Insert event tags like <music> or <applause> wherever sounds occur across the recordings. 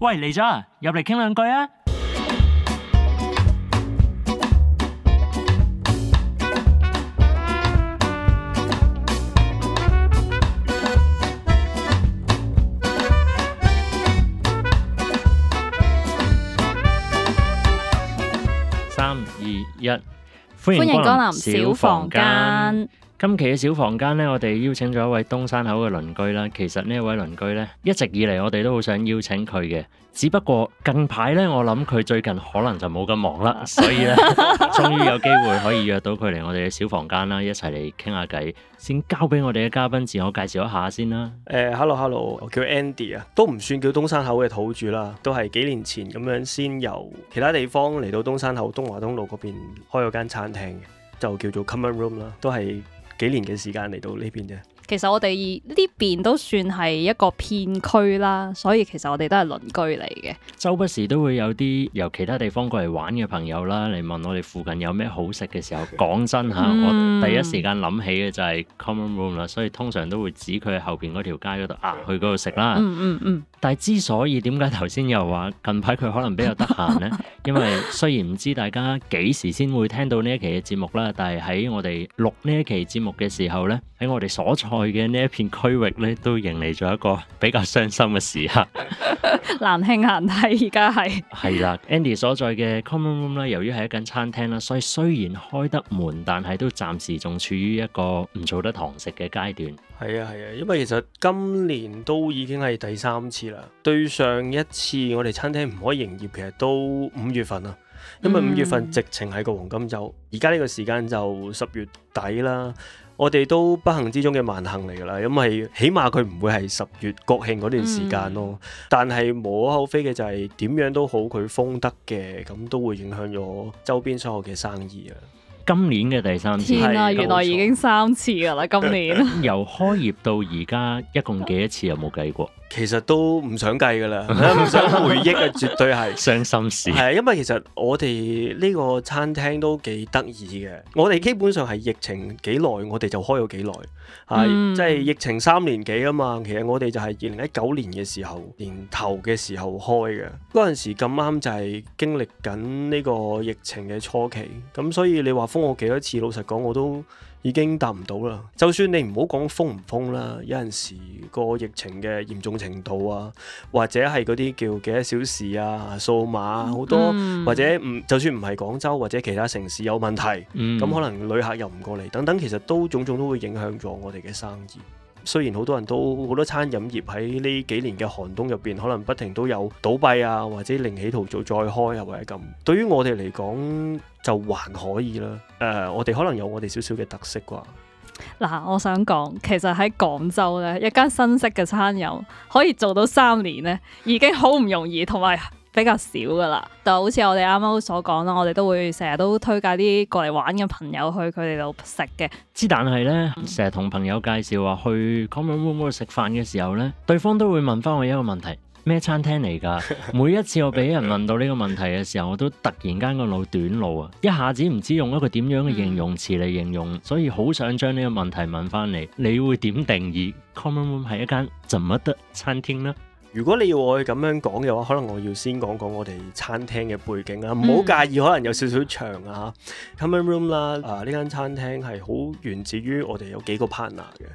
喂，嚟咗入嚟傾兩句啊！三二一，歡迎歡迎，光臨小房間。今期嘅小房間咧，我哋邀請咗一位東山口嘅鄰居啦。其實呢位鄰居咧，一直以嚟我哋都好想邀請佢嘅，只不過近排咧，我諗佢最近可能就冇咁忙啦，所以咧， <laughs> 終於有機會可以約到佢嚟我哋嘅小房間啦，一齊嚟傾下偈。先交俾我哋嘅嘉賓，自我介紹一下先啦。uh, hello, hello, 我叫 Andy 啊，都唔算叫東山口嘅土著啦，都係幾年前咁樣先由其他地方嚟到東山口東華東路嗰邊開咗間餐廳嘅，就叫做 Common Room 啦，都係。幾年嘅時間嚟到呢邊啫。其實我哋呢邊都算係一個片區啦，所以其實我哋都係鄰居嚟嘅。周不時都會有啲由其他地方過嚟玩嘅朋友啦，嚟問我哋附近有咩好食嘅時候。講真吓，嗯、我第一時間諗起嘅就係 Common Room 啦，所以通常都會指佢後邊嗰條街嗰度啊，去嗰度食啦。嗯嗯嗯。嗯嗯。但之所以點解頭先又話近排佢可能比較得閒咧？ <laughs> 因為雖然唔知大家幾時先會聽到呢一期嘅節目啦，但係喺我哋錄呢一期節目嘅時候咧，喺我哋所在嘅呢一片區域咧，都迎嚟咗一個比較傷心嘅時刻。難兄難弟，而家係係啦，Andy 所在嘅 Common Room 咧，由於係一間餐廳啦，所以雖然開得門，但係都暫時仲處於一個唔做得堂食嘅階段。係啊係啊，因為其實今年都已經係第三次。對上一次我哋餐廳唔可以營業，其實都五月份啦。因為五月份直情係個黃金周，而家呢個時間就十月底啦。我哋都不幸之中嘅萬幸嚟噶啦，因為起碼佢唔會係十月國慶嗰段時間咯。嗯、但係無可厚非嘅就係、是、點樣都好，佢封得嘅，咁都會影響咗周邊所有嘅生意啊。今年嘅第三次，天啊，對原來已經三次噶啦！ <laughs> 今年 <laughs> 由開業到而家一共幾多次又冇計過。其實都唔想計㗎啦，唔 <laughs> 想回憶啊，絕對係傷心事。係，因為其實我哋呢個餐廳都幾得意嘅，我哋基本上係疫情幾耐我哋就開咗幾耐，係即係疫情三年幾啊嘛。其實我哋就係二零一九年嘅時候年頭嘅時候開嘅，嗰陣時咁啱就係經歷緊呢個疫情嘅初期，咁所以你話封我幾多次，老實講我都，已經答唔到啦。就算你唔好講封唔封啦，有陣時個疫情嘅嚴重程度啊，或者係嗰啲叫幾多小時啊、掃碼啊、好多，嗯、或者唔就算唔係廣州或者其他城市有問題，咁、嗯、可能旅客又唔過嚟等等，其實都種種都會影響咗我哋嘅生意。雖然好多人都好多餐飲業喺呢幾年嘅寒冬入邊，可能不停都有倒閉啊，或者另起圖做再開、啊，又或者咁。對於我哋嚟講就還可以啦。誒、呃，我哋可能有我哋少少嘅特色啩。嗱，我想講其實喺廣州咧，一間新式嘅餐飲可以做到三年咧，已經好唔容易，同埋。比較少噶啦，就好似我哋啱啱所講啦，我哋都會成日都推介啲過嚟玩嘅朋友去佢哋度食嘅。之但係呢，成日同朋友介紹話、啊、去 Common Room 食飯嘅時候呢，對方都會問翻我一個問題：咩餐廳嚟㗎？ <laughs> 每一次我俾人問到呢個問題嘅時候，我都突然間個腦短路啊，一下子唔知用一個點樣嘅形容詞嚟形容，所以好想將呢個問題問翻你。你會點定義 Common Room 係一間怎麼得的餐廳呢？如果你要我去咁樣講嘅話，可能我要先講講我哋餐廳嘅背景啊。唔好、嗯、介意，可能有少少長啊 Common Room 啦。啊，呢間餐廳係好源自於我哋有幾個 partner 嘅，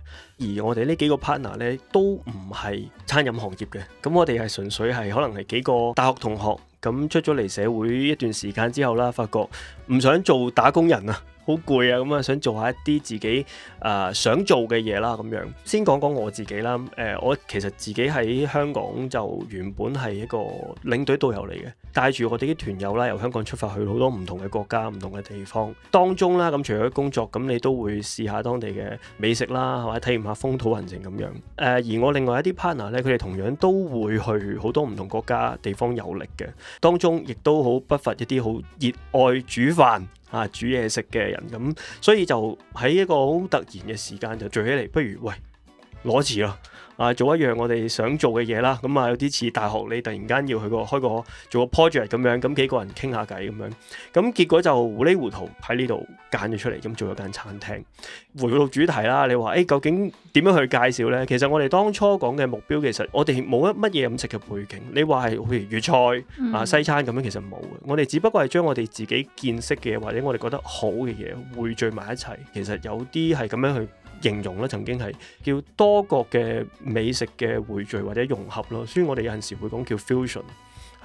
而我哋呢幾個 partner 咧都唔係餐飲行業嘅。咁我哋係純粹係可能係幾個大學同學，咁出咗嚟社會一段時間之後啦，發覺唔想做打工人啊。好攰啊！咁啊，想做下一啲自己啊、呃、想做嘅嘢啦，咁樣先講講我自己啦。誒、呃，我其實自己喺香港就原本係一個領隊導遊嚟嘅，帶住我哋啲團友啦，由香港出發去好多唔同嘅國家、唔、嗯、同嘅地方當中啦。咁除咗工作，咁你都會試下當地嘅美食啦，係咪體驗下風土人情咁樣？誒、呃，而我另外一啲 partner 咧，佢哋同樣都會去好多唔同國家地方遊歷嘅，當中亦都好不乏一啲好熱愛煮飯。啊！煮嘢食嘅人咁，所以就喺一個好突然嘅時間就聚起嚟，不如喂，攞詞咯～啊，做一樣我哋想做嘅嘢啦，咁啊有啲似大學你突然間要去個開個做個 project 咁樣，咁幾個人傾下偈咁樣，咁結果就糊裏糊塗喺呢度揀咗出嚟，咁做咗間餐廳。回到主題啦，你話誒、欸、究竟點樣去介紹呢？其實我哋當初講嘅目標其實我哋冇乜嘢飲食嘅背景，你話係好似粵菜啊西餐咁樣，其實冇嘅。我哋只不過係將我哋自己見識嘅或者我哋覺得好嘅嘢匯聚埋一齊，其實有啲係咁樣去，形容咧，曾經係叫多國嘅美食嘅匯聚或者融合囉，所以我哋有陣時會講叫 fusion。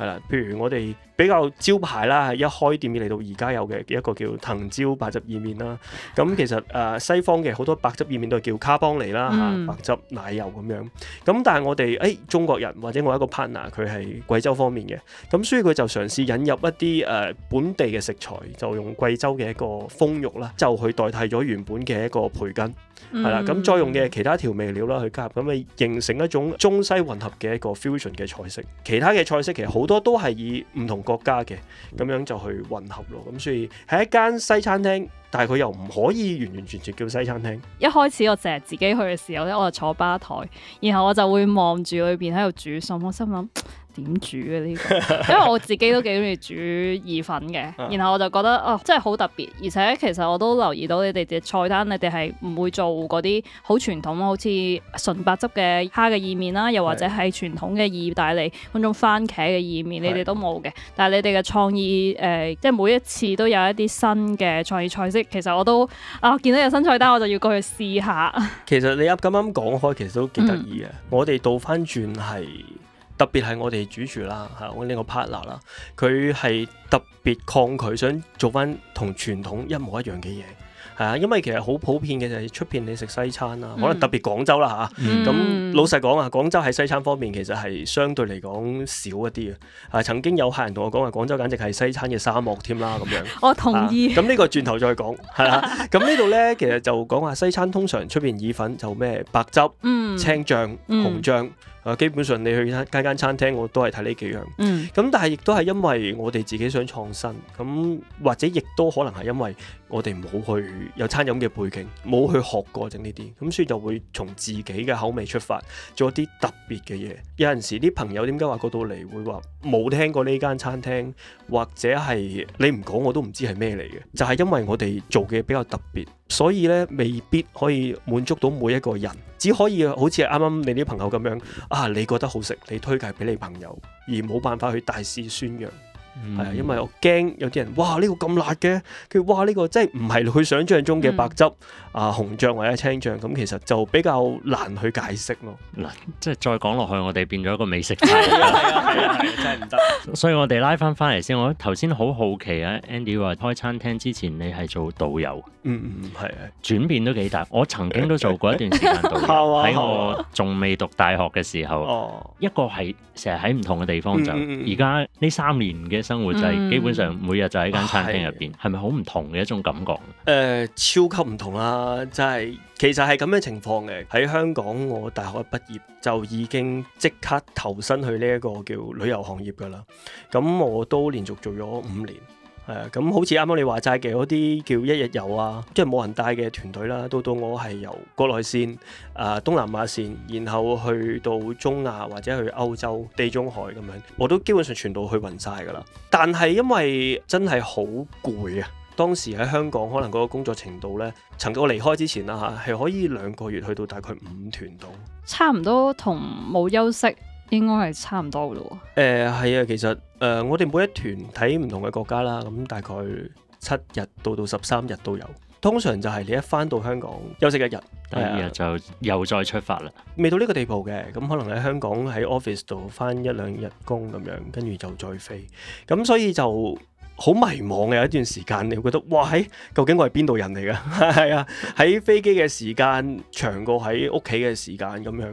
係啦，譬如我哋比較招牌啦，一開店面嚟到而家有嘅一個叫藤椒白汁意麵啦。咁其實誒西方嘅好多白汁意麵都係叫卡邦尼啦，嗯、白汁奶油咁樣。咁但係我哋誒、哎、中國人或者我一個 partner 佢係貴州方面嘅，咁所以佢就嘗試引入一啲誒、呃、本地嘅食材，就用貴州嘅一個風肉啦，就去代替咗原本嘅一個培根。係、嗯、啦，咁再用嘅其他調味料啦去加入結合，咁咪形成一種中西混合嘅一個 fusion 嘅菜式。其他嘅菜式其實好多都係以唔同國家嘅咁樣就去混合咯，咁所以喺一間西餐廳。但係佢又唔可以完完全全叫西餐廳。一開始我成日自己去嘅時候咧，我就坐吧台，然後我就會望住裏邊喺度煮餸。我心諗點煮啊呢，這個？因為我自己都幾中意煮意粉嘅。 <laughs> 然後我就覺得哦，真係好特別，而且其實我都留意到你哋嘅菜單，你哋係唔會做嗰啲好傳統，好似純白汁嘅蝦嘅意麵啦，又或者係傳統嘅意大利種番茄嘅意麵是你哋都冇嘅。但係你哋嘅創意誒、呃、即係每一次都有一啲新嘅創意菜式。其實我都啊，見到有新菜單我就要過去試下。其實你啱啱講開，其實都幾得意嘅。嗯、我哋倒翻轉係，特別係我哋主廚啦，係我呢個 partner 啦，佢係特別抗拒想做翻同傳統一模一樣嘅嘢。係啊，因為其實好普遍嘅就係出邊你食西餐啦，嗯、可能特別廣州啦嚇。咁、嗯、老實講啊，廣州喺西餐方面其實係相對嚟講少一啲嘅。係、啊、曾經有客人同我講話，廣州簡直係西餐嘅沙漠添啦咁樣。我同意。咁、啊 <laughs> 啊、呢個轉頭再講係啦。咁呢度咧，其實就講話西餐通常出邊意粉就咩白汁、嗯、青醬、紅醬。嗯誒基本上你去間間餐廳，我都係睇呢幾樣。嗯，咁但係亦都係因為我哋自己想創新，咁或者亦都可能係因為我哋冇去有餐飲嘅背景，冇去學過整呢啲，咁所以就會從自己嘅口味出發，做一啲特別嘅嘢。有陣時啲朋友點解話過到嚟會話冇聽過呢間餐廳，或者係你唔講我都唔知係咩嚟嘅，就係因為我哋做嘅比較特別。所以咧未必可以滿足到每一個人，只可以好似啱啱你啲朋友咁樣啊，你覺得好食，你推介俾你朋友，而冇辦法去大肆宣揚。係啊、嗯，因為我驚有啲人哇，呢個咁辣嘅，佢哇，呢個真係唔係佢想象中嘅白汁。嗯啊紅醬或者青醬咁，其實就比較難去解釋咯。嗱，即係再講落去，我哋變咗一個美食界。 <laughs> <laughs> 真係唔得。所以我哋拉翻翻嚟先。我頭先好好奇啊，Andy 話開餐廳之前，你係做導遊。嗯嗯係，轉變都幾大。我曾經都做過一段時間導遊，喺 <laughs> <laughs> 我仲未讀大學嘅時候。哦。 <laughs> 一個係成日喺唔同嘅地方就，而家呢三年嘅生活就係、是嗯、基本上每日就喺間餐廳入邊，係咪好唔同嘅一種感覺？誒、嗯，超級唔同啦、啊。啊，就係其實係咁樣情況嘅。喺香港，我大學畢業就已經即刻投身去呢一個叫旅遊行業噶啦。咁我都連續做咗五年，咁、啊、好似啱啱你話齋嘅嗰啲叫一日遊啊，即係冇人帶嘅團隊啦。到到我係由國內線啊、東南亞線，然後去到中亞或者去歐洲、地中海咁樣，我都基本上全部去暈晒噶啦。但係因為真係好攰啊！當時喺香港，可能嗰個工作程度呢，曾經我離開之前啦、啊、嚇，係可以兩個月去到大概五團度，差唔多同冇休息應該係差唔多嘅咯。誒係啊，其實誒、呃、我哋每一團睇唔同嘅國家啦，咁大概七日到到十三日都有。通常就係你一返到香港休息一日，第二日就又再出發啦。未到呢個地步嘅，咁可能喺香港喺 office 度返一兩日工咁樣，跟住就再飛。咁所以就。好迷茫嘅有一段時間，你會覺得哇，喺究竟我係邊度人嚟㗎？係 <laughs> 啊，喺飛機嘅時間長過喺屋企嘅時間咁樣，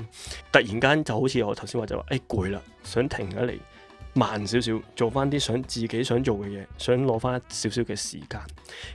突然間就好似我頭先話就話，哎攰啦，想停咗嚟慢少少，做翻啲想自己想做嘅嘢，想攞翻少少嘅時間。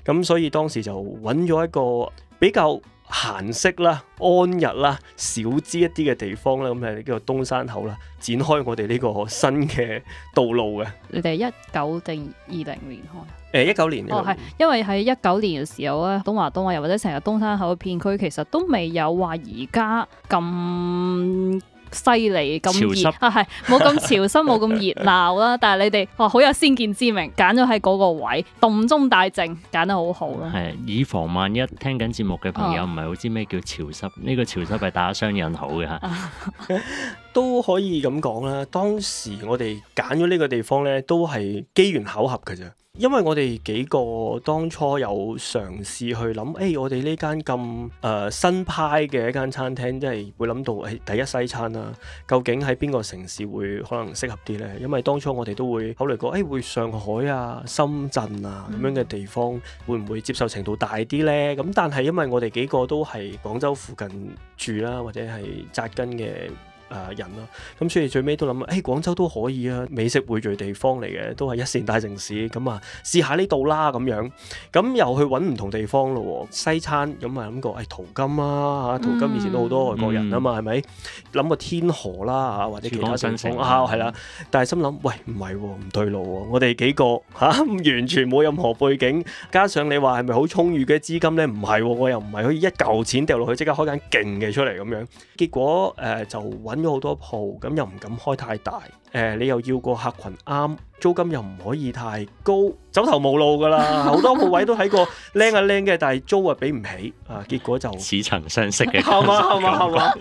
咁所以當時就揾咗一個比較閒適啦、安逸啦、小資一啲嘅地方啦。咁誒叫做東山口啦，展開我哋呢個新嘅道路嘅。你哋一九定二零年開？誒一九年嘅、哦、因為喺一九年嘅時候咧，東華東華又或者成日東山口嘅片區，其實都未有話而家咁。犀利咁熱啊，係冇咁潮濕，冇咁、啊、 <laughs> 熱鬧啦。但係你哋哇，好有先見之明，揀咗喺嗰個位動中帶靜，揀得好好啦。係以防萬一，聽緊節目嘅朋友唔係好知咩叫潮濕，呢、呢個潮濕係打雙引號嘅嚇，啊、 <laughs> 都可以咁講啦。當時我哋揀咗呢個地方咧，都係機緣巧合嘅啫，因為我哋幾個當初有嘗試去諗，誒、哎、我哋呢間咁誒新派嘅一間餐廳，即係會諗到誒第一西餐啦、啊，究竟喺邊個城市會可能適合啲呢？因為當初我哋都會考慮過，誒、哎、會上海啊、深圳啊咁樣嘅地方，會唔會接受程度大啲呢？咁、嗯、但係因為我哋幾個都係廣州附近住啦，或者係扎根嘅。誒人啦、啊，咁所以最尾都諗，誒、欸，廣州都可以啊，美食匯聚地方嚟嘅，都係一線大城市咁啊，試、嗯、下呢度啦咁樣，咁又去揾唔同地方咯、啊、西餐咁啊諗過，誒、欸、淘金啦、啊、淘金以前都好多外國人啊嘛，係咪諗個天河啦嚇或者其他地方啊，係啦、啊，但係心諗喂唔係喎，唔、啊、對路喎、啊，我哋幾個吓、啊，完全冇任何背景，加上你話係咪好充裕嘅資金咧？唔係喎，我又唔係可以一嚿錢掉落去即刻開間勁嘅出嚟咁樣，結果誒、呃、就揾。咗好多鋪，咁又唔敢開太大，誒、呃，你又要個客群啱，租金又唔可以太高，走投無路噶啦，好多鋪位都睇過靚啊靚嘅， <laughs> 但係租啊俾唔起，啊，結果就似曾相識嘅，係嘛係嘛係嘛，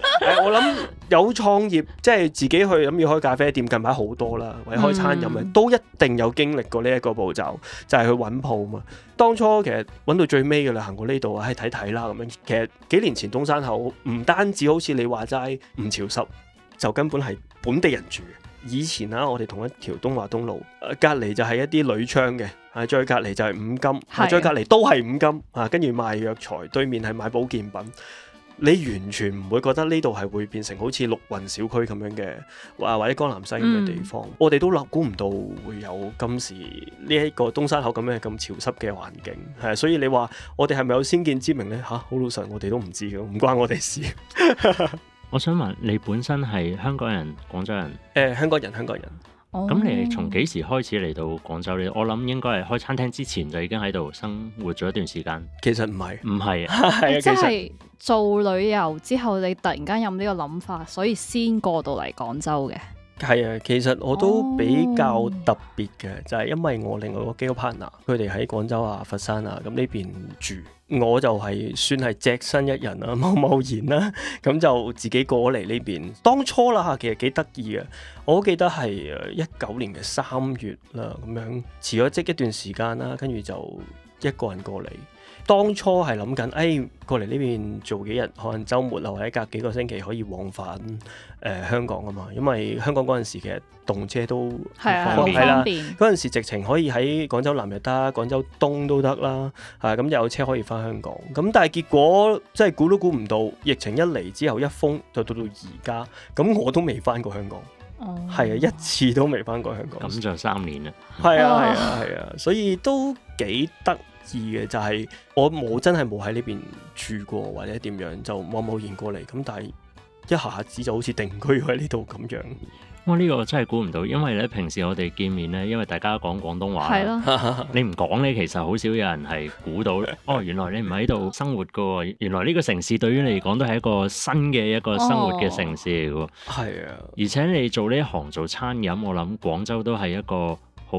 我諗有創業即係、就是、自己去諗要開咖啡店近，近排好多啦，或者開餐飲嘅，都一定有經歷過呢一個步驟，就係、是、去揾鋪嘛。當初其實揾到最尾嘅你行過呢度啊，睇睇啦咁樣。其實幾年前東山口唔單止好似你話齋唔潮濕。就根本係本地人住。以前啊，我哋同一條東華東路，隔、呃、離就係一啲鋁窗嘅，係再隔離就係五金，再隔離都係五金。啊，跟住賣藥材，對面係賣保健品。你完全唔會覺得呢度係會變成好似六運小區咁樣嘅，啊，或者江南西咁嘅地方。嗯、我哋都諗估唔到會有今時呢一個東山口咁樣咁潮濕嘅環境。係，所以你話我哋係咪有先見之明呢？嚇、啊，好老實我，我哋都唔知嘅，唔關我哋事。 <laughs> 我想問你本身係香港人、廣州人？誒、呃，香港人，香港人。咁、oh. 你係從幾時開始嚟到廣州咧？我諗應該係開餐廳之前就已經喺度生活咗一段時間。其實唔係，唔係是。係 <laughs> 啊，其實做旅遊之後，你突然間有呢個諗法，所以先過到嚟廣州嘅。係啊，其實我都比較特別嘅，oh. 就係因為我另外個幾個 partner 佢哋喺廣州啊、佛山啊咁呢邊住。我就係算係隻身一人啦，貿貿然啦、啊，咁就自己過嚟呢邊。當初啦嚇，其實幾得意嘅，我記得係一九年嘅三月啦，咁樣辭咗職一段時間啦，跟住就一個人過嚟。當初係諗緊，誒、哎、過嚟呢邊做幾日，可能週末啊，或者隔幾個星期可以往返誒、呃、香港啊嘛，因為香港嗰陣時其實動車都方便，嗰陣、啊便啊、時直情可以喺廣州南又得、啊，廣州東都得啦、啊，嚇、啊、咁、嗯、有車可以翻香港。咁、嗯、但係結果即係估都估唔到，疫情一嚟之後一封，就到到而家，咁我都未翻過香港，係、哦、啊，一次都未翻過香港。咁就、嗯、三年 <laughs> 啊，係啊係啊係啊，啊，所以都幾得 <laughs> 意嘅就係我冇真係冇喺呢邊住過或者點樣，就冇冒現過嚟咁，但係一下子就好似定居喺呢度咁樣。哇、哦！呢、呢個真係估唔到，因為咧平時我哋見面咧，因為大家講廣東話，的你唔講咧，其實好少有人係估到。 <laughs> 哦，原來你唔喺度生活噶喎，原來呢個城市對於你嚟講都係一個新嘅一個生活嘅城市嚟噶喎。係啊、哦，而且你做呢行做餐飲，我諗廣州都係一個。好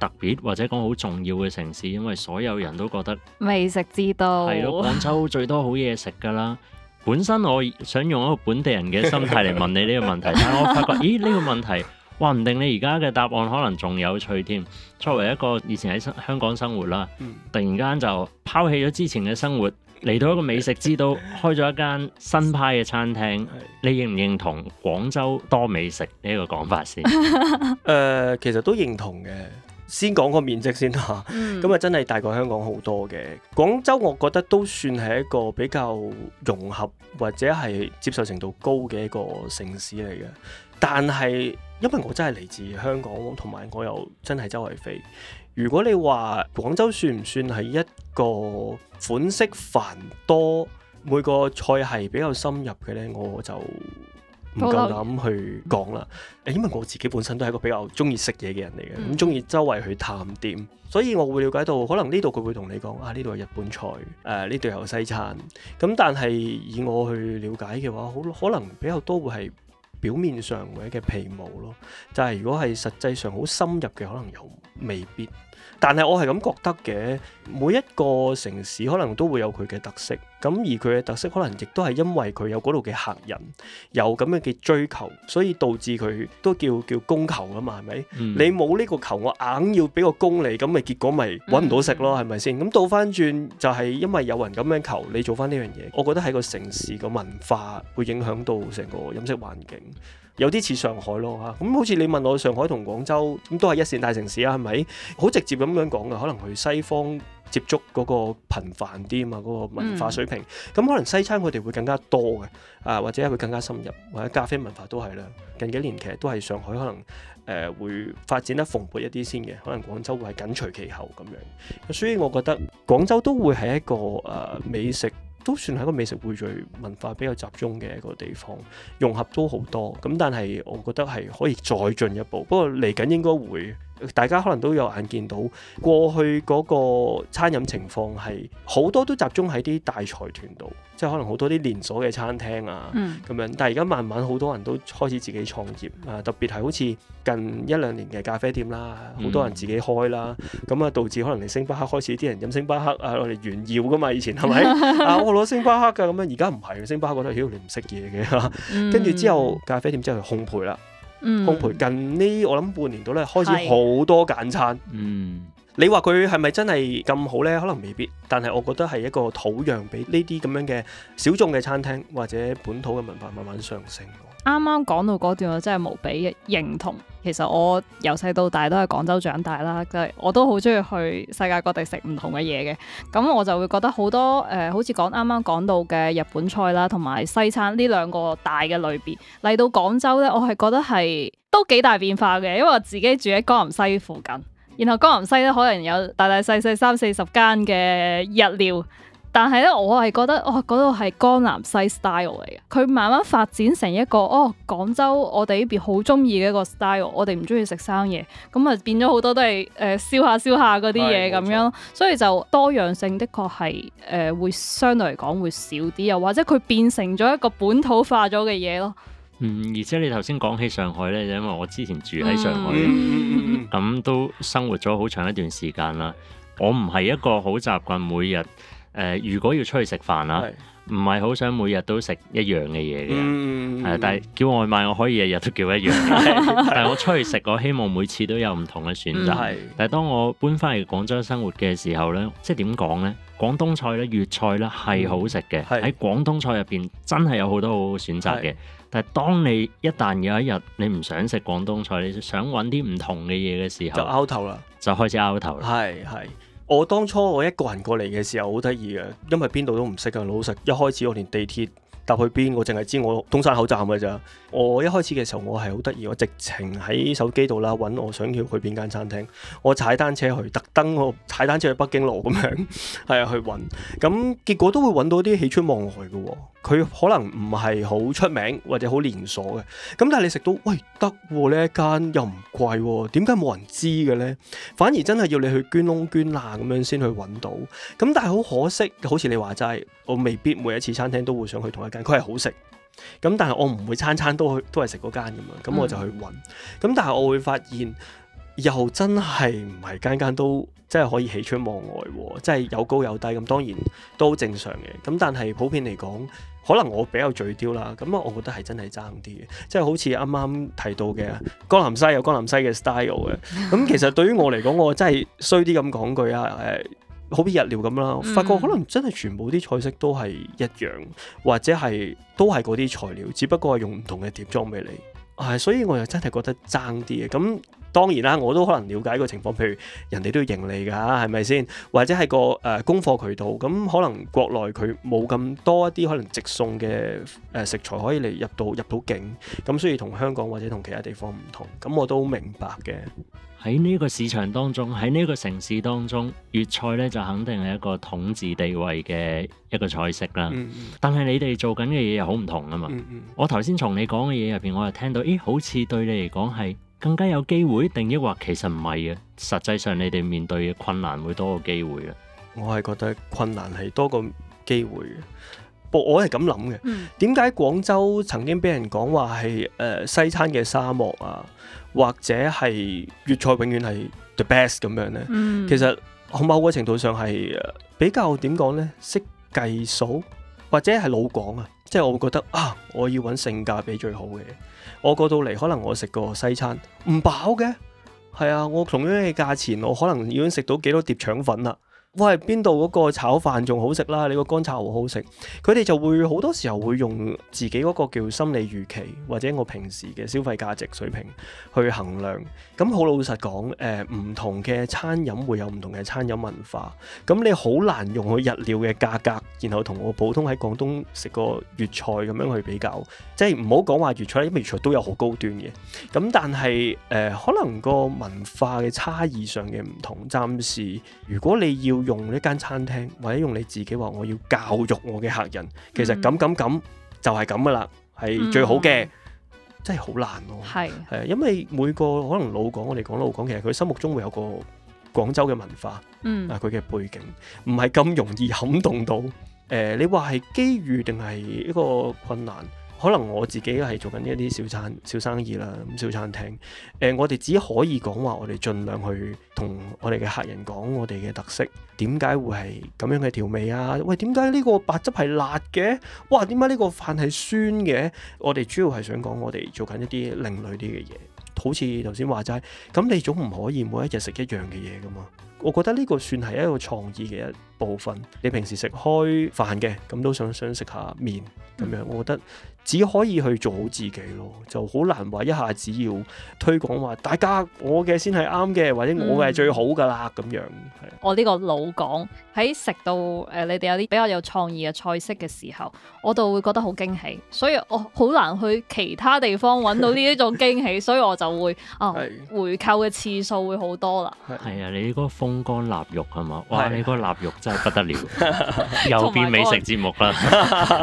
特別或者講好重要嘅城市，因為所有人都覺得美食之都係咯，廣州最多好嘢食㗎啦。 <laughs> 本身我想用一個本地人嘅心態嚟問你呢個問題， <laughs> 但我發覺咦呢個問題，話唔定你而家嘅答案可能仲有趣添。作為一個以前喺香港生活啦，突然間就拋棄咗之前嘅生活。嚟到一個美食之都，開咗一間新派嘅餐廳，你認唔認同廣州多美食呢個講法先？誒、 <laughs> 呃，其實都認同嘅。先講個面積先啦，咁啊、嗯、真係大過香港好多嘅。廣州我覺得都算係一個比較融合或者係接受程度高嘅一個城市嚟嘅。但係因為我真係嚟自香港，同埋我又真係周圍飛。如果你話廣州算唔算係一個款式繁多，每個菜係比較深入嘅呢，我就唔夠膽去講啦。因為我自己本身都係一個比較中意食嘢嘅人嚟嘅，咁中意周圍去探店，所以我會了解到，可能呢度佢會同你講啊，呢度係日本菜，誒呢度有西餐，咁但係以我去了解嘅話，好可能比較多會係。表面上嘅嘅皮毛咯，就係、是、如果係實際上好深入嘅，可能又未必。但係我係咁覺得嘅，每一個城市可能都會有佢嘅特色，咁而佢嘅特色可能亦都係因為佢有嗰度嘅客人有咁樣嘅追求，所以導致佢都叫叫供求啊嘛，係咪？嗯、你冇呢個求，我硬要俾個供你，咁咪結果咪揾唔到食咯，係咪先？咁倒翻轉就係、是、因為有人咁樣求你做翻呢樣嘢，我覺得喺個城市個文化會影響到成個飲食環境。有啲似上海咯嚇，咁好似你問我上海同廣州咁都係一線大城市啊，係咪？好直接咁樣講嘅，可能去西方接觸嗰個頻繁啲啊嘛，嗰、那個文化水平，咁、嗯、可能西餐佢哋會更加多嘅啊，或者係會更加深入，或者咖啡文化都係啦。近幾年其實都係上海可能誒、呃、會發展得蓬勃一啲先嘅，可能廣州會係緊隨其後咁樣。所以我覺得廣州都會係一個誒、呃、美食。都算係一個美食匯聚、文化比較集中嘅一個地方，融合都好多。咁但係我覺得係可以再進一步，不過嚟緊應該會。大家可能都有眼見到過去嗰個餐飲情況係好多都集中喺啲大財團度，即係可能好多啲連鎖嘅餐廳啊咁、嗯、樣。但係而家慢慢好多人都開始自己創業啊，特別係好似近一兩年嘅咖啡店啦，好多人自己開啦，咁啊、嗯、導致可能你星巴克開始啲人飲星巴克啊，攞嚟炫耀噶嘛，以前係咪 <laughs> 啊我攞星巴克㗎咁樣？而家唔係，星巴克覺得，曉你唔識嘢嘅，跟住之後咖啡店之後就烘焙啦。烘焙近呢，我諗半年到咧，開始好多簡餐。嗯的，你話佢係咪真係咁好咧？可能未必，但係我覺得係一個土壤俾呢啲咁樣嘅小眾嘅餐廳或者本土嘅文化慢慢上升。啱啱講到嗰段，我真係無比嘅認同。其實我由細到大都喺廣州長大啦，就我都好中意去世界各地食唔同嘅嘢嘅。咁我就會覺得好多誒、呃，好似講啱啱講到嘅日本菜啦，同埋西餐呢兩個大嘅類別嚟到廣州咧，我係覺得係都幾大變化嘅，因為我自己住喺江南西附近，然後江南西咧可能有大大細細三四十間嘅日料。但係咧，我係覺得哦，嗰度係江南西 style 嚟嘅。佢慢慢發展成一個哦，廣州我哋呢邊好中意嘅一個 style 我。我哋唔中意食生嘢，咁啊變咗好多都係誒燒下燒下嗰啲嘢咁樣。所以就多樣性的確係誒會相對嚟講會少啲，又或者佢變成咗一個本土化咗嘅嘢咯。嗯，而且你頭先講起上海咧，因為我之前住喺上海，咁、嗯、都生活咗好長一段時間啦。我唔係一個好習慣，每日。誒，如果要出去食飯啦，唔係好想每日都食一樣嘅嘢嘅，係、嗯，但係叫外賣我可以日日都叫一樣 <laughs> 但係我出去食，我希望每次都有唔同嘅選擇。嗯、但係當我搬翻嚟廣州生活嘅時候呢，即係點講呢？廣東菜咧、粵菜咧係好食嘅，喺、嗯、廣東菜入邊真係有好多好好選擇嘅。是但係當你一旦有一日你唔想食廣東菜，你想揾啲唔同嘅嘢嘅時候，就拗頭啦，就開始拗頭啦。係係。我當初我一個人過嚟嘅時候好得意嘅，因為邊度都唔識嘅，老實一開始我連地鐵搭去邊？我淨係知我東山口站嘅咋？我一開始嘅時候，我係好得意，我直情喺手機度啦，揾我想要去邊間餐廳。我踩單車去，特登我踩單車去北京路咁樣，係 <laughs> 啊，去揾。咁結果都會揾到啲喜出望外嘅、哦。佢可能唔係好出名或者好連鎖嘅。咁但係你食到，喂得喎呢一間又唔貴喎、啊，點解冇人知嘅咧？反而真係要你去捐窿捐罅咁樣先去揾到。咁但係好可惜，好似你話齋，我未必每一次餐廳都會想去同一間。佢係好食，咁但係我唔會餐餐都去，都係食嗰間咁嘛。咁我就去揾，咁、嗯、但係我會發現，又真係唔係間間都真係可以喜出望外，即係有高有低，咁當然都正常嘅，咁但係普遍嚟講，可能我比較嘴刁啦，咁啊，我覺得係真係爭啲嘅，即係好似啱啱提到嘅，江南西有江南西嘅 style 嘅，咁其實對於我嚟講，我真係衰啲咁講句啊，誒、呃。好比日料咁啦，發覺可能真係全部啲菜式都係一樣，或者係都係嗰啲材料，只不過係用唔同嘅碟裝俾你。係、哎，所以我又真係覺得爭啲嘅。咁當然啦，我都可能了解個情況，譬如人哋都要盈利㗎，係咪先？或者係個誒供貨渠道咁，可能國內佢冇咁多一啲可能直送嘅誒食材可以嚟入到入到境，咁所以同香港或者同其他地方唔同。咁我都明白嘅。喺呢個市場當中，喺呢個城市當中，粵菜呢就肯定係一個統治地位嘅一個菜式啦。嗯嗯。但係你哋做緊嘅嘢又好唔同啊嘛。嗯嗯。我頭先從你講嘅嘢入邊，我又聽到，咦，好似對你嚟講係更加有機會，定抑或其實唔係嘅？實際上，你哋面對嘅困難會多過機會啊。我係覺得困難係多過機會嘅。我我係咁諗嘅，點解廣州曾經俾人講話係誒西餐嘅沙漠啊，或者係粵菜永遠係 the best 咁樣呢？嗯、其實某個程度上係比較點講呢？識計數或者係老廣啊，即、就、係、是、我會覺得啊，我要揾性價比最好嘅。我過到嚟可能我食個西餐唔飽嘅，係啊，我同樣嘅價錢我可能已經食到幾多碟腸粉啦、啊。我係邊度嗰個炒飯仲好食啦，你個乾炒好好食。佢哋就會好多時候會用自己嗰個叫心理預期，或者我平時嘅消費價值水平去衡量。咁好老實講，誒、呃、唔同嘅餐飲會有唔同嘅餐飲文化。咁你好難用佢日料嘅價格，然後同我普通喺廣東食個粵菜咁樣去比較。即係唔好講話粵菜，因為粵菜都有好高端嘅。咁但係誒、呃，可能個文化嘅差異上嘅唔同。暫時如果你要。用呢間餐廳，或者用你自己話，我要教育我嘅客人，其實咁咁咁就係咁噶啦，係最好嘅，真係好難咯。係，係因為每個可能老廣，我哋講老廣，其實佢心目中會有個廣州嘅文化，嗯，啊佢嘅背景，唔係咁容易撼動到。誒，你話係機遇定係一個困難？可能我自己係做緊一啲小餐小生意啦，咁小餐廳。誒、呃，我哋只可以講話，我哋盡量去同我哋嘅客人講我哋嘅特色，點解會係咁樣嘅調味啊？喂，點解呢個白汁係辣嘅？哇，點解呢個飯係酸嘅？我哋主要係想講我哋做緊一啲另類啲嘅嘢，好似頭先話齋。咁你總唔可以每一日食一樣嘅嘢㗎嘛？我覺得呢個算係一個創意嘅一部分。你平時食開飯嘅，咁都想想食下面咁樣，我覺得。只可以去做好自己咯，就好難話一下子要推廣話大家我嘅先係啱嘅，或者我嘅係最好噶啦咁樣。我呢個老廣喺食到誒你哋有啲比較有創意嘅菜式嘅時候，我就會覺得好驚喜，所以我好難去其他地方揾到呢一種驚喜，所以我就會啊回購嘅次數會好多啦。係啊，你嗰個風乾臘肉係嘛？哇，你嗰個臘肉真係不得了，又變美食節目啦！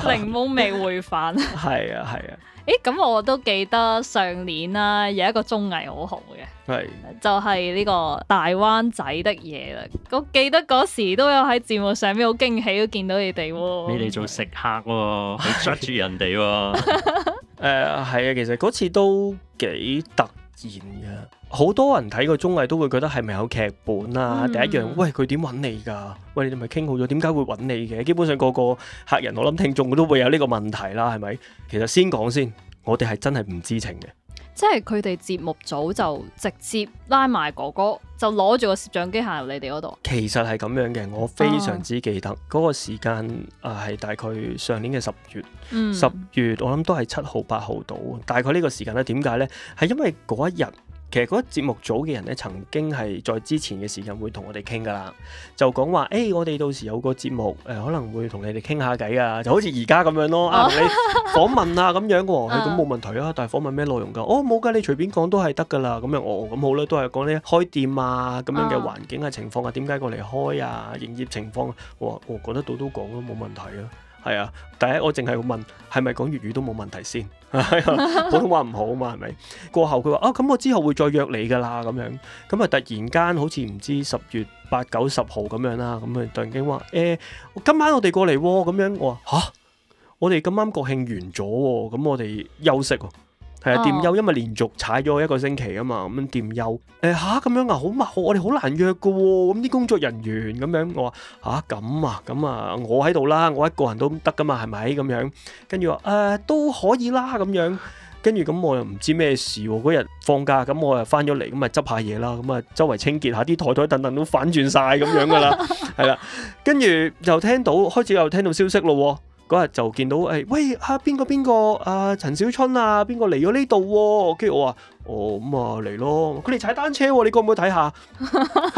檸檬味回返。係啊，係啊，誒咁、啊、我都記得上年啦、啊，有一個綜藝好紅嘅，啊、就係呢個大灣仔的嘢啦。我記得嗰時都有喺節目上面好驚喜都見到你哋喎、啊，你哋做食客喎 judge 住人哋喎、啊。誒係、 <laughs> <laughs> 呃、啊，其實嗰次都幾突然嘅。好多人睇過綜藝都會覺得係咪有劇本啊？嗯、第一樣，喂佢點揾你㗎？喂你哋咪傾好咗，點解會揾你嘅？基本上個個客人，我諗聽眾都會有呢個問題啦，係咪？其實先講先，我哋係真係唔知情嘅。即係佢哋節目組就直接拉埋哥哥，就攞住個攝像機行入你哋嗰度。其實係咁樣嘅，我非常之記得嗰、啊、個時間啊，係大概上年嘅十月。十、嗯、月我諗都係七號八號到。大概呢個時間咧，點解呢？係因為嗰一日。其實嗰個節目組嘅人咧，曾經係在之前嘅時間會同我哋傾噶啦，就講話誒，我哋到時有個節目誒、呃，可能會同你哋傾下偈啊，就好似而家咁樣咯。Oh. <laughs> 啊，你訪問啊咁樣喎，係咁冇問題啊。但係訪問咩內容噶？哦，冇噶，你隨便講都係得噶啦。咁樣哦，咁好啦，都係講啲開店啊咁樣嘅環境啊情況啊，點解過嚟開啊，營業情況，啊，我我講得到都講都冇問題啊。係啊，第一我淨係問係咪講粵語都冇問題先，啊。啊， <laughs> 普通話唔好啊嘛，係咪？過後佢話啊，咁我之後會再約你㗎啦，咁樣。咁啊，突然間好似唔知十月八、九十號咁樣啦，咁啊，突然間話誒，今晚我哋過嚟喎，咁樣，我話吓，我哋今晚國慶完咗喎，咁我哋休息喎。係啊，店休、嗯，因為連續踩咗一個星期啊嘛，咁、嗯、店休，誒吓咁、啊、樣啊，好麻煩我哋好難約噶、哦，咁、嗯、啲工作人員咁樣，我話吓咁啊，咁啊,啊，我喺度啦，我一個人都得噶嘛，係咪咁樣？跟住話誒都可以啦，咁樣，跟住咁我又唔知咩事喎、啊，嗰日放假，咁我又翻咗嚟，咁咪執下嘢啦，咁啊周圍清潔下，啲台台凳凳都反轉晒咁樣噶啦，係啦， <laughs> 跟住又聽到，開始又聽到消息咯。嗰日就見到誒、哎、喂啊邊個邊個啊陳小春啊邊個嚟咗呢度喎？跟住我話哦咁啊嚟咯！佢哋踩單車喎、哦，你可唔可以睇下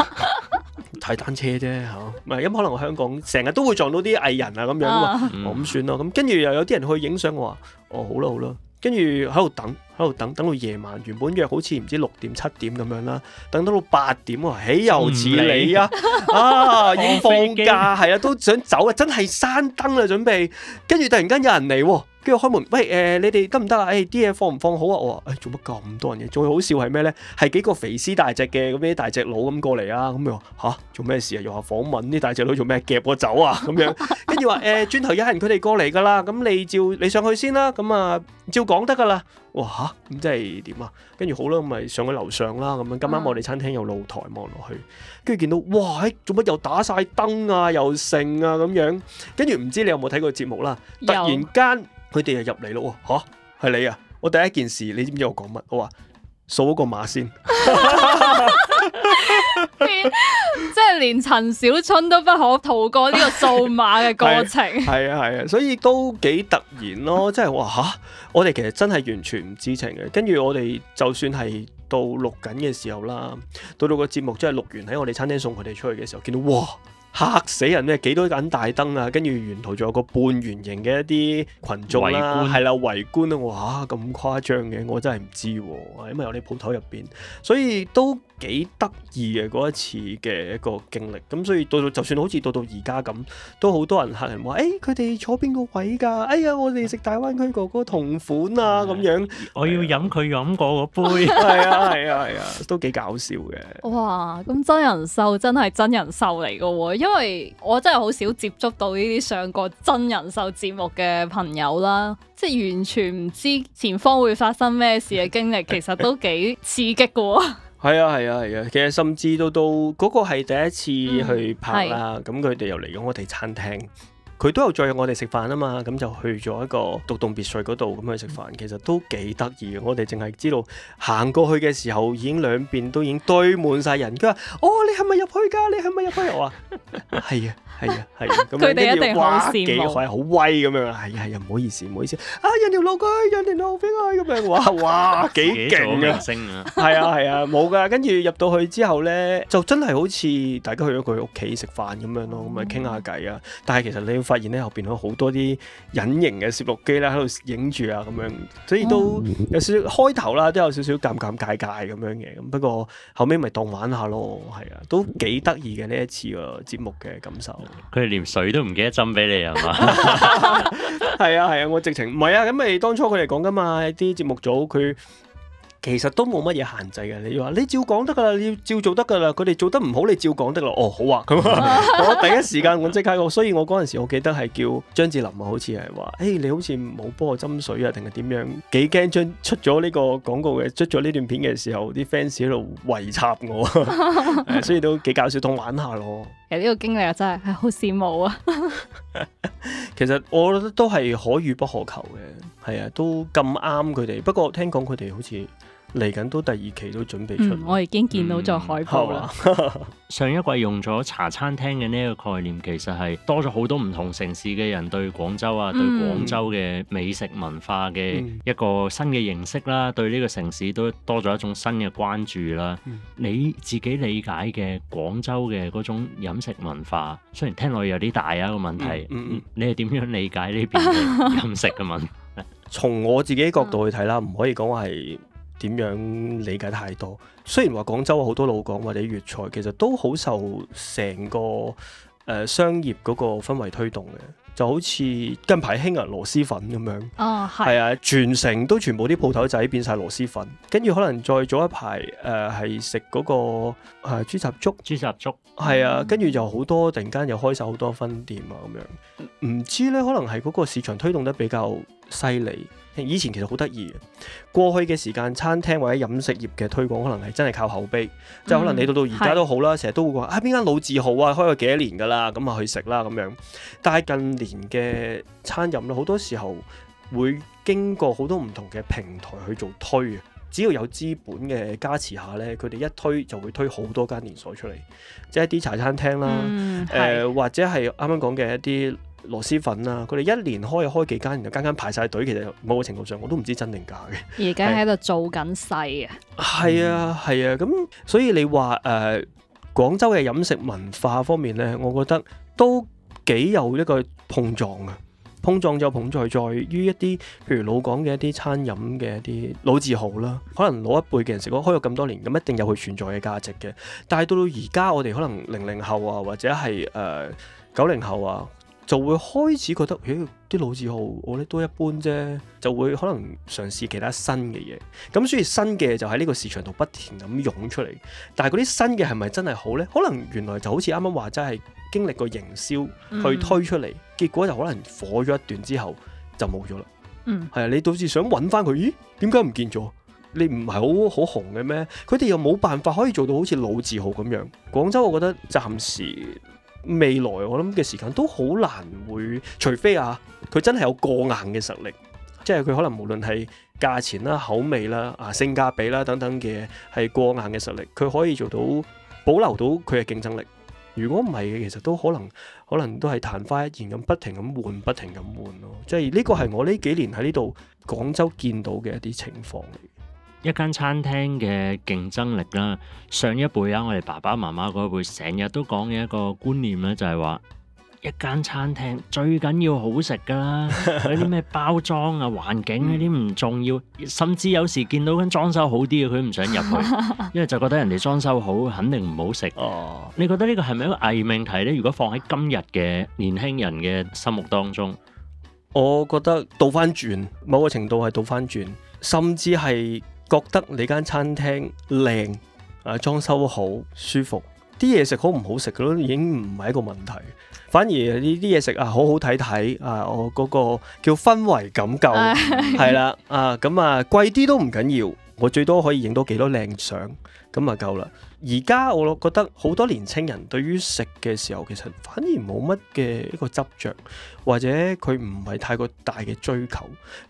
<laughs> 踩單車啫嚇？唔係咁可能我香港成日都會撞到啲藝人啊咁樣嘛、uh, 哦，我咁算咯。咁跟住又有啲人去影相，我話哦好啦好啦，跟住喺度等。喺度等等到夜晚，原本約好似唔知六點七點咁樣啦，等到到八點喎，又有此理啊！ <laughs> 啊，要 <laughs> 基、啊、放假係啊，都想走啊，真係山燈啦，準備。跟住突然間有人嚟，跟住開門，喂誒、呃，你哋得唔得啊？誒啲嘢放唔放好啊？我話誒做乜咁多人嘅？最好笑係咩咧？係幾個肥屍大隻嘅咁啲大隻佬咁過嚟啊？咁又吓，做咩事啊？又話訪問啲大隻佬做咩夾我走啊？咁樣跟住話誒，轉、欸、頭有人佢哋過嚟噶啦，咁你照你上去先啦，咁啊照講得噶啦。 <laughs> <laughs> 哇嚇，咁即係點啊？跟住好啦，咁、嗯、咪上咗樓上啦，咁樣今晚我哋餐廳有露台望落去，跟住見到哇，做、欸、乜又打晒燈啊，又剩啊咁樣，跟住唔知你有冇睇過節目啦？突然間佢哋又入嚟咯喎，嚇係、啊、你啊！我第一件事，你知唔知我講乜？我話、啊。數個碼先 <laughs> <laughs> 即係連陳小春都不可逃過呢個數碼嘅過程。係啊係啊，所以都幾突然咯，即係哇吓、啊，我哋其實真係完全唔知情嘅。跟住我哋就算係到錄緊嘅時候啦，到到個節目即係錄完喺我哋餐廳送佢哋出去嘅時候，見到哇。吓死人咧！幾多盞大燈啊！跟住沿途仲有個半圓形嘅一啲羣眾啦、啊，係啦圍觀，圍觀啊！哇，咁誇張嘅，我真係唔知喎、啊，因為我哋鋪頭入邊，所以都。幾得意嘅嗰一次嘅一個經歷，咁所以到到就算好似到到而家咁，都好多人客人話：誒佢哋坐邊個位㗎？哎呀，我哋食大灣區哥哥同款啊！咁的樣，我要飲佢飲嗰個杯，係啊， <laughs> 係啊，係啊，都幾搞笑嘅。哇！咁真人秀真係真人秀嚟噶喎，因為我真係好少接觸到呢啲上過真人秀節目嘅朋友啦，即係完全唔知前方會發生咩事嘅經歷，其實都幾刺激噶喎。 <laughs> 係啊係啊係啊！其實甚至都都嗰個係第一次去拍啦，咁佢哋又嚟咗我哋餐廳。佢都有再約我哋食飯啊嘛，咁就去咗一個獨棟別墅嗰度咁去食飯，其實都幾得意嘅。我哋淨係知道行過去嘅時候，已經兩邊都已經堆滿晒人。佢話：哦，你係咪入去㗎？你係咪入去入 <laughs> 啊？係啊，係啊，係咁樣一啲挖幾海，好威咁樣。係啊，係啊，唔好意思，唔好意思。啊，人條路佢，人條路俾佢咁樣話。哇，幾勁 <laughs> 啊！係啊，係啊，冇㗎。跟住入到去之後咧，就真係好似大家去咗佢屋企食飯咁樣咯，咁咪傾下偈啊。但係其實你，發現咧後邊有好多啲隱形嘅攝錄機咧喺度影住啊咁樣，所以都有少少開頭啦，都有少少尷尷尬尬咁樣嘅。咁不過後尾咪當玩下咯，係啊，都幾得意嘅呢一次個節目嘅感受。佢哋 <music> 連水都唔記得斟俾你係嘛？係啊係啊，我直情唔係啊，咁咪當初佢哋講噶嘛，啲節目組佢。其實都冇乜嘢限制嘅，你要話你照講得噶啦，你要照做，做得噶啦，佢哋做得唔好你照講得啦。哦，好啊，咁 <laughs> 我第一時間我即刻，所以我嗰陣時我記得係叫張智霖啊，好似係話，誒，你好似冇幫我斟水啊，定係點樣？幾驚將出咗呢個廣告嘅，出咗呢段片嘅時候，啲 fans 喺度圍插我， <laughs> 所以都幾搞笑，同玩下咯。其實呢個經歷又真係係好羨慕啊！ <laughs> <laughs> 其實我覺得都係可遇不可求嘅，係啊，都咁啱佢哋。不過聽講佢哋好似。嚟緊都第二期都準備出，嗯，我已經見到咗海報啦。嗯啊、 <laughs> 上一季用咗茶餐廳嘅呢個概念，其實係多咗好多唔同城市嘅人對廣州啊，嗯、對廣州嘅美食文化嘅一個新嘅認識啦，嗯、對呢個城市都多咗一種新嘅關注啦。嗯、你自己理解嘅廣州嘅嗰種飲食文化，雖然聽落有啲大啊、那個問題，嗯嗯、你係點樣理解呢邊嘅飲食嘅問題？從、嗯嗯、 <laughs> <laughs> 我自己角度去睇啦，唔可以講係。點樣理解太多？雖然話廣州好多老廣或者粵菜，其實都好受成個誒、呃、商業嗰個氛圍推動嘅。就好似近排興啊螺螄粉咁樣，啊係、哦，啊，全城都全部啲鋪頭仔變晒螺螄粉，跟住可能再早一排誒係食嗰個誒豬雜粥，豬雜粥係啊，跟住就好多突然間又開晒好多分店啊咁樣，唔知呢，可能係嗰個市場推動得比較犀利。以前其實好得意嘅，過去嘅時間餐廳或者飲食業嘅推廣可能係真係靠口碑，即係、嗯、可能你到到而家都好啦，成日是都會話啊邊間老字號啊，開咗幾多年㗎啦，咁啊去食啦咁樣。但係近年嘅餐飲咧，好多時候會經過好多唔同嘅平台去做推嘅，只要有資本嘅加持下呢，佢哋一推就會推好多間連鎖出嚟，即係一啲茶餐廳啦，誒、嗯呃、或者係啱啱講嘅一啲。螺螄粉啊，佢哋一年開開幾間，然後間間排晒隊，其實某個程度上我都唔知真定假嘅。而家喺度做緊勢啊！係、嗯、啊，係啊，咁所以你話誒，廣州嘅飲食文化方面呢，我覺得都幾有一個碰撞嘅。碰撞就碰撞在於一啲譬如老港嘅一啲餐飲嘅一啲老字號啦，可能老一輩嘅人食開開咗咁多年，咁一定有佢存在嘅價值嘅。但係到到而家，我哋可能零零後啊，或者係誒九零後啊。就會開始覺得，咦啲老字號我覺得都一般啫，就會可能嘗試其他新嘅嘢。咁所以新嘅就喺呢個市場度不停咁湧出嚟。但係嗰啲新嘅係咪真係好呢？可能原來就好似啱啱話，真係經歷過營銷去推出嚟，結果就可能火咗一段之後就冇咗啦。嗯，係啊，你到時想揾翻佢，咦，點解唔見咗？你唔係好好紅嘅咩？佢哋又冇辦法可以做到好似老字號咁樣。廣州我覺得暫時。未來我諗嘅時間都好難會，除非啊，佢真係有過硬嘅實力，即係佢可能無論係價錢啦、口味啦、啊、性價比啦等等嘅係過硬嘅實力，佢可以做到保留到佢嘅競爭力。如果唔係嘅，其實都可能可能都係曇花一現咁，不停咁換，不停咁換咯。即係呢個係我呢幾年喺呢度廣州見到嘅一啲情況。一間餐廳嘅競爭力啦，上一輩啊，我哋爸爸媽媽嗰一輩成日都講嘅一個觀念咧，就係話一間餐廳最緊要好食噶啦，嗰啲咩包裝啊、環境呢啲唔重要，甚至有時見到間裝修好啲嘅，佢唔想入去，因為就覺得人哋裝修好，肯定唔好食。哦，你覺得呢個係咪一個偽命題呢？如果放喺今日嘅年輕人嘅心目當中，我覺得倒翻轉，某個程度係倒翻轉，甚至係。覺得你間餐廳靚啊，裝修好舒服，啲嘢食好唔好食佢都已經唔係一個問題。反而呢啲嘢食啊，好好睇睇啊，我嗰個叫氛圍感夠係啦 <laughs> 啊，咁啊貴啲都唔緊要，我最多可以影到幾多靚相咁啊夠啦。而家我覺得好多年青人對於食嘅時候，其實反而冇乜嘅一個執着，或者佢唔係太過大嘅追求。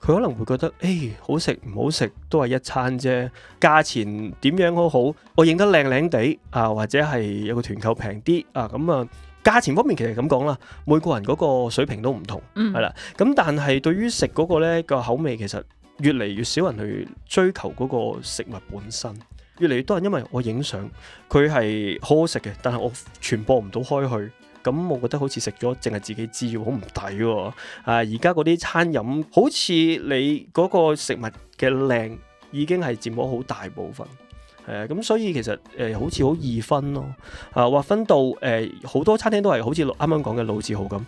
佢可能會覺得，誒、哎、好食唔好食都係一餐啫，價錢點樣都好，我影得靚靚地啊，或者係有個團購平啲啊咁啊。價錢方面其實咁講啦，每個人嗰個水平都唔同，係啦、嗯。咁但係對於食嗰個呢個口味，其實越嚟越少人去追求嗰個食物本身。越嚟越多人，因為我影相，佢係好好食嘅，但係我傳播唔到開去，咁我覺得好似食咗，淨係自己知，好唔抵喎。啊，而家嗰啲餐飲好似你嗰個食物嘅靚已經係佔咗好大部分，係啊，咁所以其實誒、呃、好似好易分咯啊，劃分到誒好、呃、多餐廳都係好似啱啱講嘅老字號咁，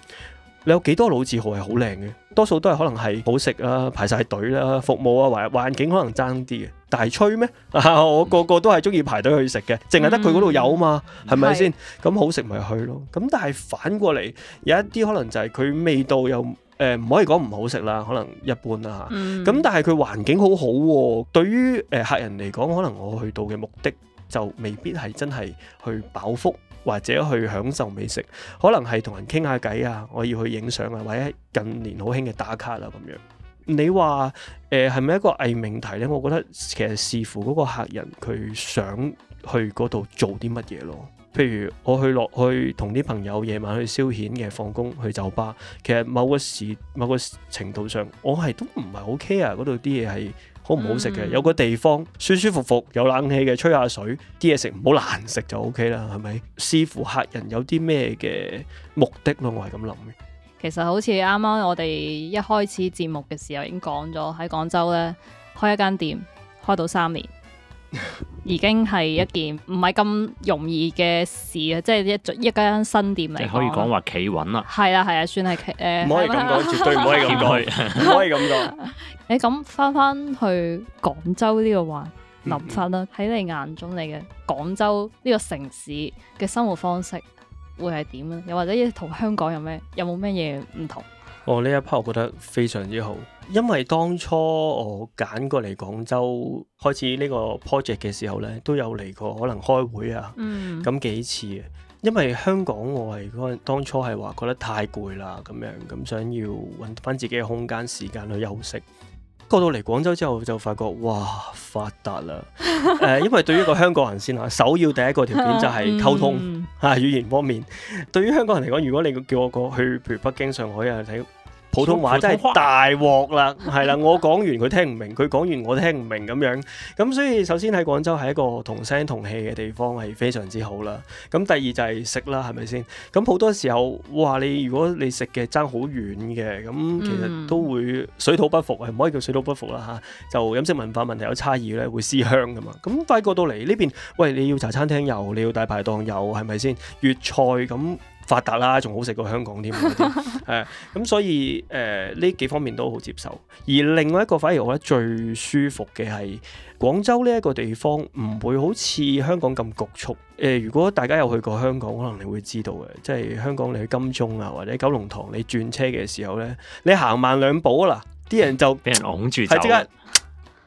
你有幾多老字號係好靚嘅？多數都係可能係好食啊，排晒隊啦，服務啊或環境可能爭啲嘅，但係吹咩？ <laughs> 我個個都係中意排隊去食嘅，淨係得佢嗰度有嘛？係咪先？咁是好食咪去咯。咁但係反過嚟有一啲可能就係佢味道又誒唔、呃、可以講唔好食啦，可能一般啦嚇。咁、嗯、但係佢環境好好，啊，對於誒、呃、客人嚟講，可能我去到嘅目的就未必係真係去飽腹。或者去享受美食，可能係同人傾下偈啊，我要去影相啊，或者近年好興嘅打卡啦咁樣。你話誒係咪一個偽命題呢？我覺得其實視乎嗰個客人佢想去嗰度做啲乜嘢咯。譬如我去落去同啲朋友夜晚去消遣嘅放工去酒吧，其實某個時某個程度上，我係都唔係 OK 啊，嗰度啲嘢係。好唔好食嘅，有個地方舒舒服服，有冷氣嘅，吹下水，啲嘢食唔好難食就 OK 啦，係咪？視乎客人有啲咩嘅目的咯，我係咁諗嘅。其實好似啱啱我哋一開始節目嘅時候已經講咗，喺廣州咧開一間店，開到三年。 <laughs> 已經係一件唔係咁容易嘅事啊！即係一一間新店嚟，即可以講話企穩啦。係啦係啊，算係企誒，唔、呃、可以咁講吧，絕對唔可以咁講，唔 <laughs> 可以咁講。誒，咁翻翻去廣州呢個話諗、嗯、法啦，喺你眼中，你嘅廣州呢個城市嘅生活方式會係點咧？又或者同香港有咩，有冇咩嘢唔同？我呢、哦、一 part 我覺得非常之好，因為當初我揀過嚟廣州開始呢個 project 嘅時候呢，都有嚟過可能開會啊，咁、嗯、幾次。因為香港我係當初係話覺得太攰啦，咁樣咁想要揾翻自己嘅空間時間去休息。過到嚟廣州之後就發覺，哇，發達啦！誒、 <laughs> 呃，因為對於一個香港人先啦，首要第一個條件就係溝通嚇、 <laughs> 嗯啊、語言方面。對於香港人嚟講，如果你叫我過去，譬如北京、上海啊睇。普通話真係大鍋啦，係啦， <laughs> 我講完佢聽唔明，佢講完我聽唔明咁樣，咁所以首先喺廣州係一個同聲同氣嘅地方係非常之好啦。咁第二就係食啦，係咪先？咁好多時候，哇！你如果你食嘅爭好遠嘅，咁其實都會水土不服，係唔可以叫水土不服啦吓、啊，就飲食文化問題有差異咧，會思鄉噶嘛。咁快過到嚟呢邊，喂！你要茶餐廳有，你要大排檔有，係咪先？粵菜咁。發達啦，仲好食過香港添，咁、 <laughs> 啊嗯、所以誒呢、呃、幾方面都好接受。而另外一個反而我覺得最舒服嘅係廣州呢一個地方，唔會好似香港咁局促。誒、呃，如果大家有去過香港，可能你會知道嘅，即係香港你去金鐘啊或者九龍塘，你轉車嘅時候呢，你行慢兩步啦，啲人就俾人擁住，即 <coughs> 刻。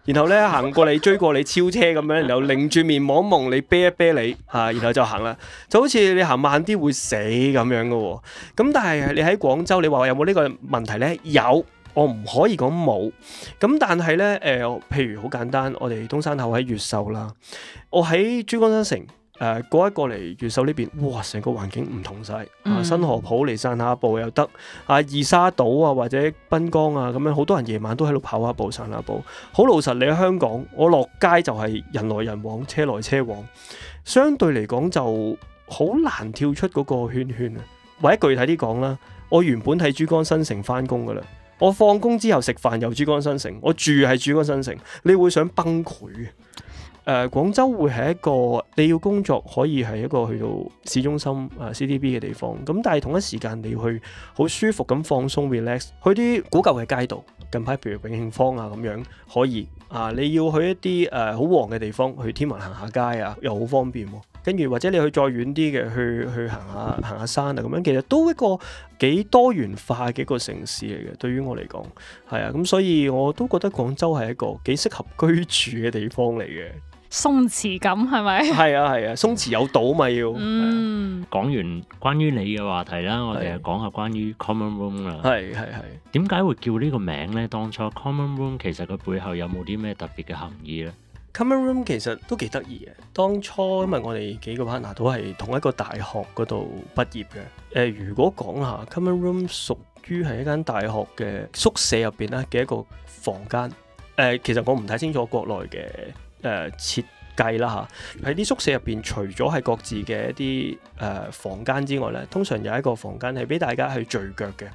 然後咧，行過你，追過你，超車咁樣，然後擰住面望望你，啤一啤你嚇、啊，然後就行啦，就好似你行慢啲會死咁樣噶喎、哦。咁但係你喺廣州，你話有冇呢個問題咧？有，我唔可以講冇。咁但係咧誒，譬如好簡單，我哋東山口喺越秀啦，我喺珠江新城。誒過一過嚟越秀呢邊，哇！成個環境唔同曬、嗯啊，新河浦嚟散下步又得，啊二沙島啊或者濱江啊咁樣，好多人夜晚都喺度跑下步、散下步。好老實，你喺香港，我落街就係人來人往、車來車往，相對嚟講就好難跳出嗰個圈圈啊！或者具體啲講啦，我原本喺珠江新城翻工噶啦，我放工之後食飯又珠江新城，我住喺珠江新城，你會想崩潰。誒、呃、廣州會係一個你要工作可以係一個去到市中心啊、呃、CDB 嘅地方，咁但係同一時間你要去好舒服咁放鬆 relax，去啲古舊嘅街道，近排譬如永慶坊啊咁樣可以啊、呃，你要去一啲誒好旺嘅地方，去天文行下街啊，又好方便，跟住或者你去再遠啲嘅，去去行下行下山啊咁樣，其實都一個幾多元化嘅一個城市嚟嘅，對於我嚟講係啊，咁、嗯、所以我都覺得廣州係一個幾適合居住嘅地方嚟嘅。鬆弛感係咪？係啊係啊，鬆弛有度啊嘛要。 <laughs> 嗯，講完關於你嘅話題啦，是我哋係講下關於 Common Room 啦。係係係，點解會叫呢個名咧？當初 Common Room 其實佢背後有冇啲咩特別嘅含義咧？Common Room 其實都幾得意嘅。當初因為我哋幾個 partner 都係同一個大學嗰度畢業嘅。誒、呃，如果講下 Common Room 屬於係一間大學嘅宿舍入邊咧嘅一個房間。誒、呃，其實我唔太清楚國內嘅。誒、呃、設計啦嚇，喺、啊、啲宿舍入邊，除咗係各自嘅一啲誒、呃、房間之外咧，通常有一個房間係俾大家去聚腳嘅。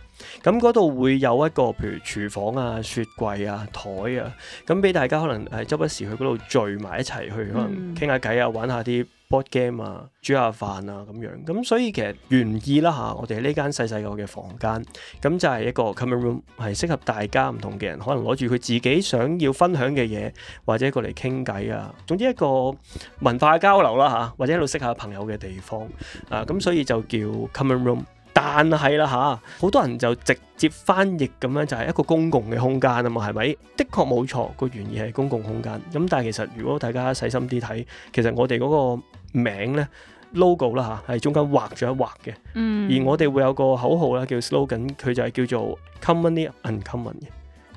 咁嗰度會有一個譬如廚房啊、雪櫃啊、台啊，咁俾大家可能誒、呃、周不時去嗰度聚埋一齊去，可能傾下偈啊，玩一下啲，Board game 啊，煮下飯啊咁樣，咁所以其實原意啦、啊、嚇，我哋呢間細細個嘅房間，咁就係一個 common room，係適合大家唔同嘅人，可能攞住佢自己想要分享嘅嘢，或者過嚟傾偈啊，總之一個文化交流啦、啊、嚇，或者喺度識下朋友嘅地方啊，咁所以就叫 common room 但、啊。但係啦嚇，好多人就直接翻譯咁樣，就係一個公共嘅空間啊嘛，係咪？的確冇錯，個原意係公共空間。咁但係其實如果大家細心啲睇，其實我哋嗰、那個名咧 logo 啦吓，係中間畫咗一畫嘅。嗯。而我哋會有個口號啦，叫 slogan，佢就係叫做 commonly uncommon 嘅。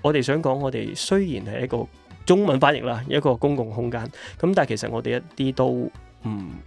我哋想講，我哋雖然係一個中文翻譯啦，一個公共空間，咁但係其實我哋一啲都唔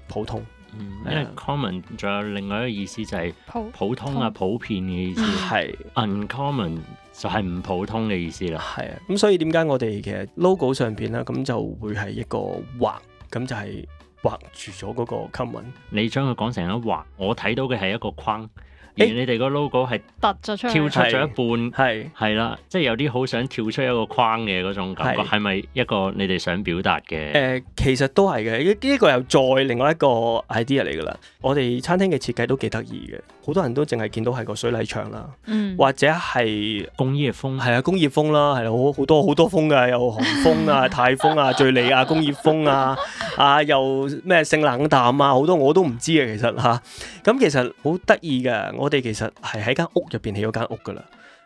普通。嗯。嗯，因為 common 仲有另外一個意思就係普通啊普遍嘅意思。係。uncommon 就係唔普通嘅意思啦。係呀。咁所以點解我哋其實 logo 上邊啦，咁就會係一個畫，咁就係。畫住咗嗰個 pattern，你將佢講成一畫，我睇到嘅係一個框。而你哋個 logo 係凸咗出嚟，跳出咗一半，係係啦，即係有啲好想跳出一個框嘅嗰種感覺，係咪是一個你哋想表達嘅？誒、呃，其實都係嘅，呢、這個又再另外一個 idea 嚟噶啦。我哋餐廳嘅設計都幾得意嘅，好多人都淨係見到係個水泥牆啦，嗯、或者係工業風，係啊，工業風啦，係好好多好多風嘅，有韓風啊、泰風啊、最利啊、工業風啊啊，又咩性冷淡啊，好多我都唔知嘅，其實吓，咁、啊、其實好得意嘅我哋其實係喺間屋入邊起咗間屋噶啦，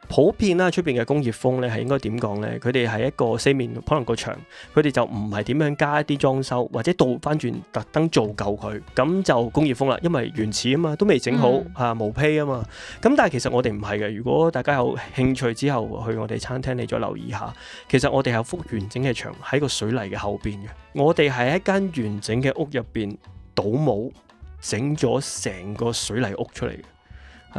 普遍啦出邊嘅工業風咧係應該點講咧？佢哋係一個四面可能個牆，佢哋就唔係點樣加一啲裝修，或者倒翻轉特登做舊佢，咁就工業風啦。因為原始啊嘛，都未整好、嗯、啊，毛坯啊嘛。咁但係其實我哋唔係嘅。如果大家有興趣之後去我哋餐廳，你再留意下，其實我哋係有幅完整嘅牆喺個水泥嘅後邊嘅。我哋係一間完整嘅屋入邊倒模整咗成個水泥屋出嚟嘅。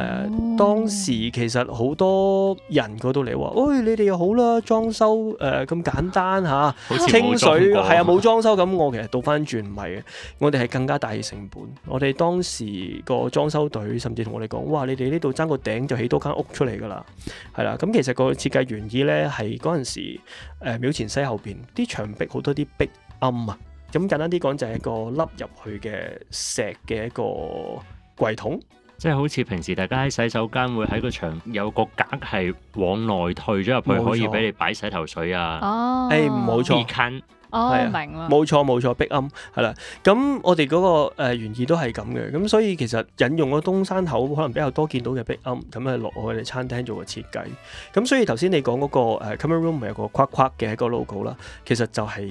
誒、uh, 當時其實好多人過到嚟話，喂、hey，你哋又好啦，裝修誒咁、呃、簡單嚇，清水係啊冇裝修咁。我其實倒翻轉唔係嘅，我哋係更加大嘅成本。我哋當時個裝修隊甚至同我哋講，哇、ah！你哋呢度爭個頂就起多間屋出嚟㗎啦，係啦。咁其實個設計原意咧係嗰陣時誒廟、呃、前西後邊啲牆壁好多啲壁暗。啊，咁簡單啲講就係一個凹入去嘅石嘅一個櫃桶。即係好似平時大家喺洗手間會喺個牆有個格係往內退咗入去，可以俾你擺洗頭水啊。哦，誒冇錯，貼近。哦，明啦、哎。冇錯冇錯，壁龕係啦。咁我哋嗰、那個、呃、原意都係咁嘅。咁所以其實引用咗東山口可能比較多見到嘅壁龕，咁係落去我哋餐廳做個設計。咁所以頭先你講嗰、那個 Common Room 唔係有個框框嘅一個，個 logo 啦，其實就係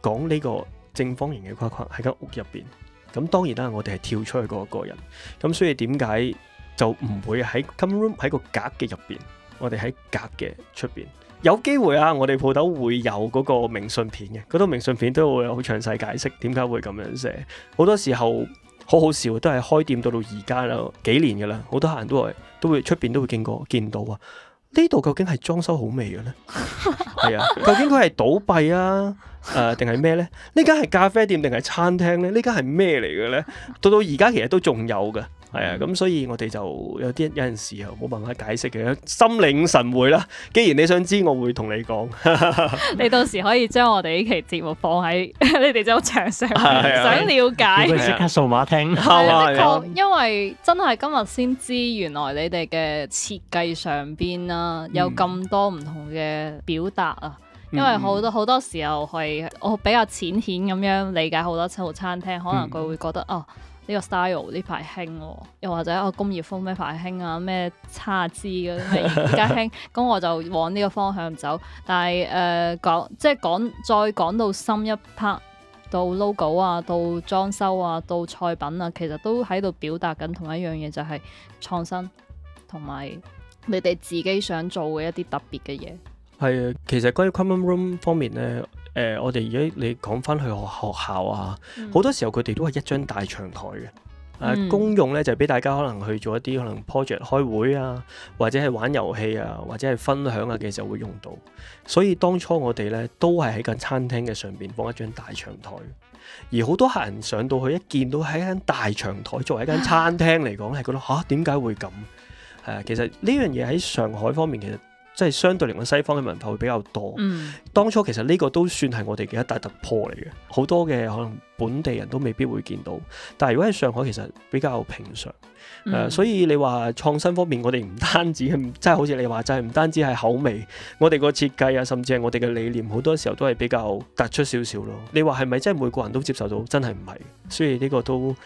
講呢個正方形嘅框框喺間屋入邊。咁當然啦，我哋係跳出去嗰個人，咁所以點解就唔會喺 Common Room 喺個格嘅入邊，我哋喺格嘅出邊有機會啊！我哋鋪頭會有嗰個明信片嘅，嗰、那、套、個、明信片都會有好詳細解釋點解會咁樣寫。好多時候好好笑，都係開店到到而家啦，幾年噶啦，好多客人都會都會出邊都會見過見到啊！呢度究竟係裝修好未嘅咧？係 <laughs> 啊，究竟佢係倒閉啊？誒定係咩咧？呃、呢間係咖啡店定係餐廳咧？呢間係咩嚟嘅咧？到到而家其實都仲有嘅，係啊，咁所以我哋就有啲有陣時候冇辦法解釋嘅，心領神會啦。既然你想知，我會同你講。 <laughs> 你到時可以將我哋呢期節目放喺你哋張牆上，想了解，即刻數碼聽。係啊，因為真係今日先知，原來你哋嘅設計上邊啦，有咁多唔同嘅表達啊！嗯因為好多好、嗯、多時候係我比較淺顯咁樣理解好多餐餐廳，可能佢會覺得啊呢、嗯哦呢個 style 呢排興，又或者哦工業風咩排興啊咩叉枝嗰啲而家興，咁、啊、 <laughs> 我就往呢個方向走。但係誒、呃、講即係講再講到深一 part，到 logo 啊，到裝修啊，到菜品啊，其實都喺度表達緊同一樣嘢，就係、是、創新同埋你哋自己想做嘅一啲特別嘅嘢。係啊，其實關於 common room 方面咧，誒、呃，我哋而家你講翻去學學校啊，好、嗯、多時候佢哋都係一張大長台嘅，誒、嗯啊，公用咧就俾大家可能去做一啲可能 project 開會啊，或者係玩遊戲啊，或者係分享啊嘅時候會用到。所以當初我哋咧都係喺間餐廳嘅上邊放一張大長台，而好多客人上到去一見到喺間大長台作為一間餐廳嚟講，係覺得嚇點解會咁？誒、啊，其實呢樣嘢喺上海方面其實。即係相對嚟講，西方嘅文化會比較多。嗯、當初其實呢個都算係我哋嘅一大突破嚟嘅，好多嘅可能本地人都未必會見到。但係如果喺上海，其實比較平常。嗯呃、所以你話創新方面，我哋唔單止，即係、嗯、好似你話，就係、是、唔單止係口味，我哋個設計啊，甚至係我哋嘅理念，好多時候都係比較突出少少咯。你話係咪真係每個人都接受到？真係唔係，所以呢個都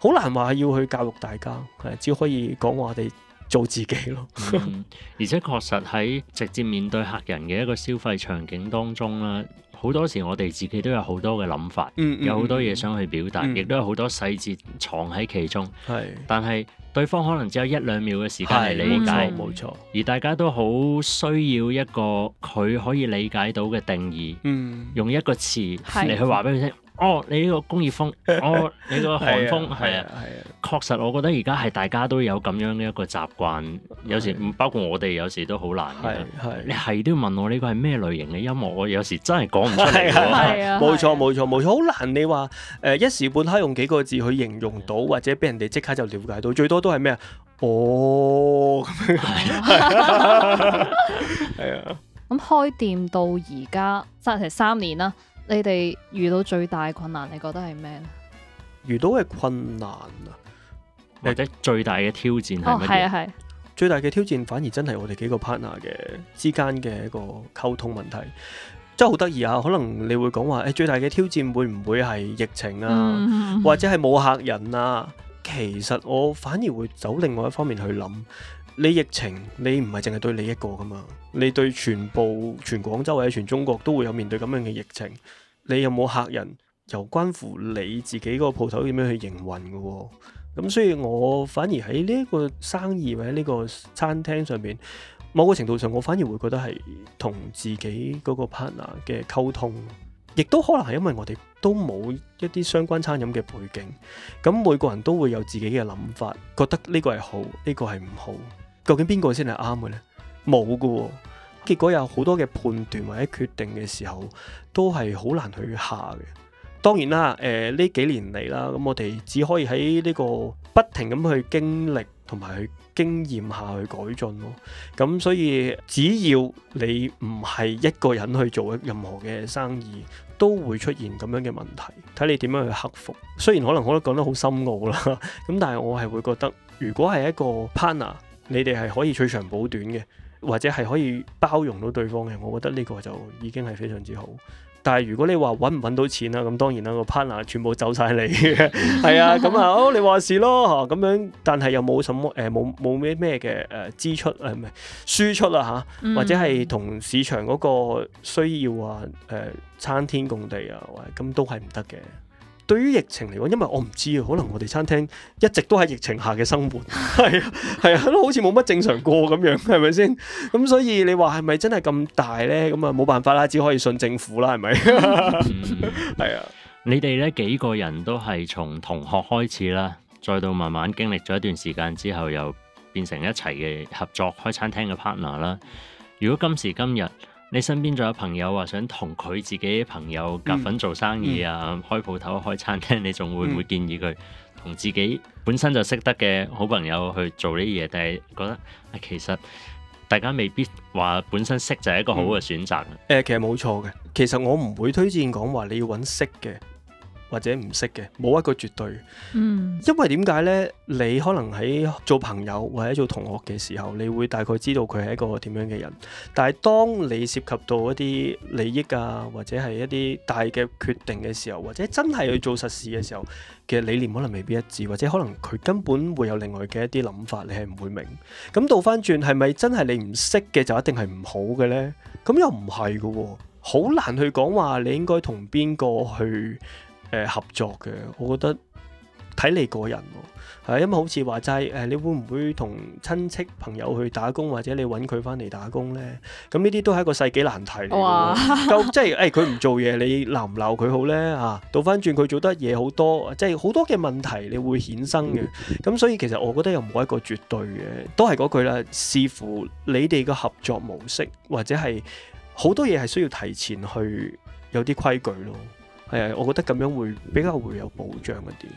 好難話要去教育大家。係只可以講話我哋。做自己咯、 <laughs> 嗯，而且確實喺直接面對客人嘅一個消費場景當中啦，好多時我哋自己都有好多嘅諗法，嗯嗯、有好多嘢想去表達，嗯、亦都有好多細節藏喺其中。係是，但係對方可能只有一兩秒嘅時間嚟理解，冇錯。錯錯而大家都好需要一個佢可以理解到嘅定義，嗯、用一個詞嚟去話俾佢聽。是嗯哦，你呢個工業風，哦， <laughs> 你個韓風，係、嗯、是啊，係啊，確實，我覺得而家係大家都有咁樣嘅一個習慣、嗯，有時包括我哋，有時都好難。係係，你係都要問我呢個係咩類型嘅音樂，我有時真係講唔出嚟。係啊，係啊、哎，冇錯，冇錯，冇錯，好難你話誒一時半刻用幾個字去形容到，或者俾人哋即刻就了解到，最多都係咩啊？哦、咁樣？ <laughs> 哦，係 <laughs> 啊。咁開店到而家三成三年啦。你哋遇到最大困難，你覺得係咩？遇到嘅困難啊，或者最大嘅挑戰係咩？哦、最大嘅挑戰反而真係我哋幾個 partner 嘅之間嘅一個溝通問題，真係好得意啊！可能你會講話誒，最大嘅挑戰會唔會係疫情啊， <laughs> 或者係冇客人啊？其實我反而會走另外一方面去諗，你疫情你唔係淨係對你一個噶嘛。你對全部全廣州或者全中國都會有面對咁樣嘅疫情，你有冇客人？由關乎你自己嗰個鋪頭點樣去營運嘅喎，咁所以我反而喺呢個生意或者呢個餐廳上面，某個程度上我反而會覺得係同自己嗰個 partner 嘅溝通，亦都可能係因為我哋都冇一啲相關餐飲嘅背景，咁每個人都會有自己嘅諗法，覺得呢個係好，呢個係唔好，究竟邊個先係啱嘅呢？冇㗎、哦，結果有好多嘅判斷或者決定嘅時候，都係好難去下嘅。當然啦，誒、呃、呢幾年嚟啦，咁、嗯、我哋只可以喺呢個不停咁去經歷同埋去經驗下去改進咯、哦。咁、嗯、所以，只要你唔係一個人去做任何嘅生意，都會出現咁樣嘅問題。睇你點樣去克服。雖然可能我都講得好深奧啦，咁 <laughs> 但係我係會覺得，如果係一個 partner，你哋係可以取長補短嘅。或者係可以包容到對方嘅，我覺得呢個就已經係非常之好。但係如果你話揾唔揾到錢啦，咁當然啦，個 partner 全部走晒你嘅，係 <laughs> 啊，咁啊， <laughs> 好、哦、你話事咯嚇咁樣。但係又冇乜嘢誒冇冇咩咩嘅誒支出誒唔係輸出啦、啊、嚇，或者係同市場嗰個需要啊誒參、呃、天共地啊，咁、呃、都係唔得嘅。對於疫情嚟講，因為我唔知啊，可能我哋餐廳一直都喺疫情下嘅生活，係 <laughs> 啊，係啊，都好似冇乜正常過咁樣，係咪先？咁所以你話係咪真係咁大呢？咁啊冇辦法啦，只可以信政府啦，係咪？係、 <laughs> 嗯、 <laughs> 啊，你哋呢幾個人都係從同學開始啦，再到慢慢經歷咗一段時間之後，又變成一齊嘅合作開餐廳嘅 partner 啦。如果今時今日你身邊仲有朋友話想同佢自己朋友夾份做生意啊，嗯嗯、開鋪頭、開餐廳，你仲會唔會建議佢同自己本身就識得嘅好朋友去做呢啲嘢？定係覺得其實大家未必話本身識就係一個好嘅選擇？誒、嗯呃，其實冇錯嘅，其實我唔會推薦講話你要揾識嘅。或者唔識嘅，冇一個絕對。嗯，因為點解呢？你可能喺做朋友或者做同學嘅時候，你會大概知道佢係一個點樣嘅人。但係當你涉及到一啲利益啊，或者係一啲大嘅決定嘅時候，或者真係去做實事嘅時候，嘅理念可能未必一致，或者可能佢根本會有另外嘅一啲諗法，你係唔會明。咁倒翻轉係咪真係你唔識嘅就一定係唔好嘅呢？咁又唔係㗎喎，好難去講話你應該同邊個去。誒、呃，合作嘅，我覺得睇你個人喎、啊，係因為好似話齋，誒、呃，你會唔會同親戚朋友去打工，或者你揾佢翻嚟打工呢？咁呢啲都係一個世紀難題、啊。哇！咁 <laughs> 即係佢唔做嘢，你鬧唔鬧佢好呢？吓、啊，倒翻轉佢做得嘢好多，即係好多嘅問題你會衍生嘅。咁 <laughs> 所以其實我覺得又唔係一個絕對嘅，都係嗰句啦，視乎你哋嘅合作模式，或者係好多嘢係需要提前去有啲規矩咯。係啊，我覺得咁樣會比較會有保障一啲。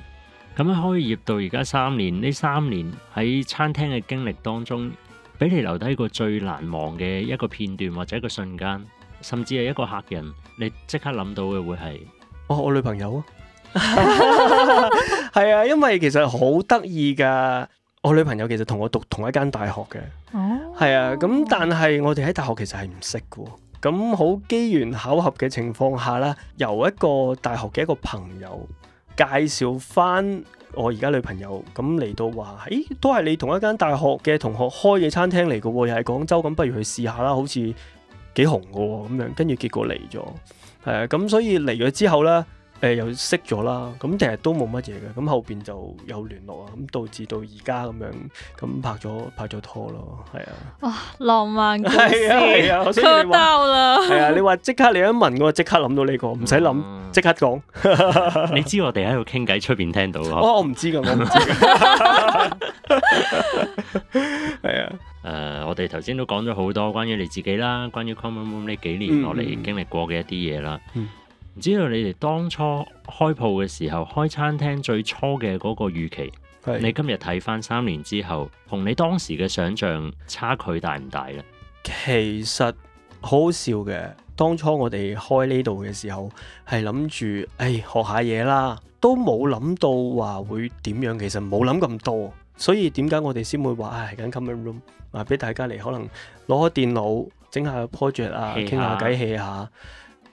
咁樣開業到而家三年，呢三年喺餐廳嘅經歷當中，俾你留低一個最難忘嘅一個片段或者一個瞬間，甚至係一個客人，你即刻諗到嘅會係？哦，我女朋友啊，係 <laughs> 啊，因為其實好得意噶，我女朋友其實同我讀同一間大學嘅，哦，係啊，咁但係我哋喺大學其實係唔識嘅。咁好機緣巧合嘅情況下呢，由一個大學嘅一個朋友介紹返我而家女朋友，咁嚟到話，誒，都係你同一間大學嘅同學開嘅餐廳嚟嘅喎，又係廣州，咁不如去試下啦，好似幾紅嘅喎。哦，咁樣跟住結果嚟咗，係啊，咁所以嚟咗之後呢。誒又識咗啦，咁其實都冇乜嘢嘅，咁後邊就有聯絡了了啊，咁導致到而家咁樣，咁拍咗拍咗拖咯，係啊。哇！浪漫故事，出道啦。係啊，你話即刻你一問我，即刻諗到呢個，唔使諗，即刻講。你知我哋喺度傾偈，出邊聽到㗎。我唔知㗎，我唔知㗎。係啊，誒，我哋頭先都講咗好多關於你自己啦，關於 Common Room 呢幾年落嚟經歷過嘅一啲嘢啦。嗯知道你哋當初開鋪嘅時候，開餐廳最初嘅嗰個預期，是你今日睇翻三年之後，同你當時嘅想象差距大唔大咧？其實好好笑嘅，當初我哋開呢度嘅時候，係諗住誒學下嘢啦，都冇諗到話會點樣，其實冇諗咁多，所以點解我哋先會話唉，緊、哎、Common Room，話俾大家嚟，可能攞電腦整下 project 啊，傾下偈 hea 下。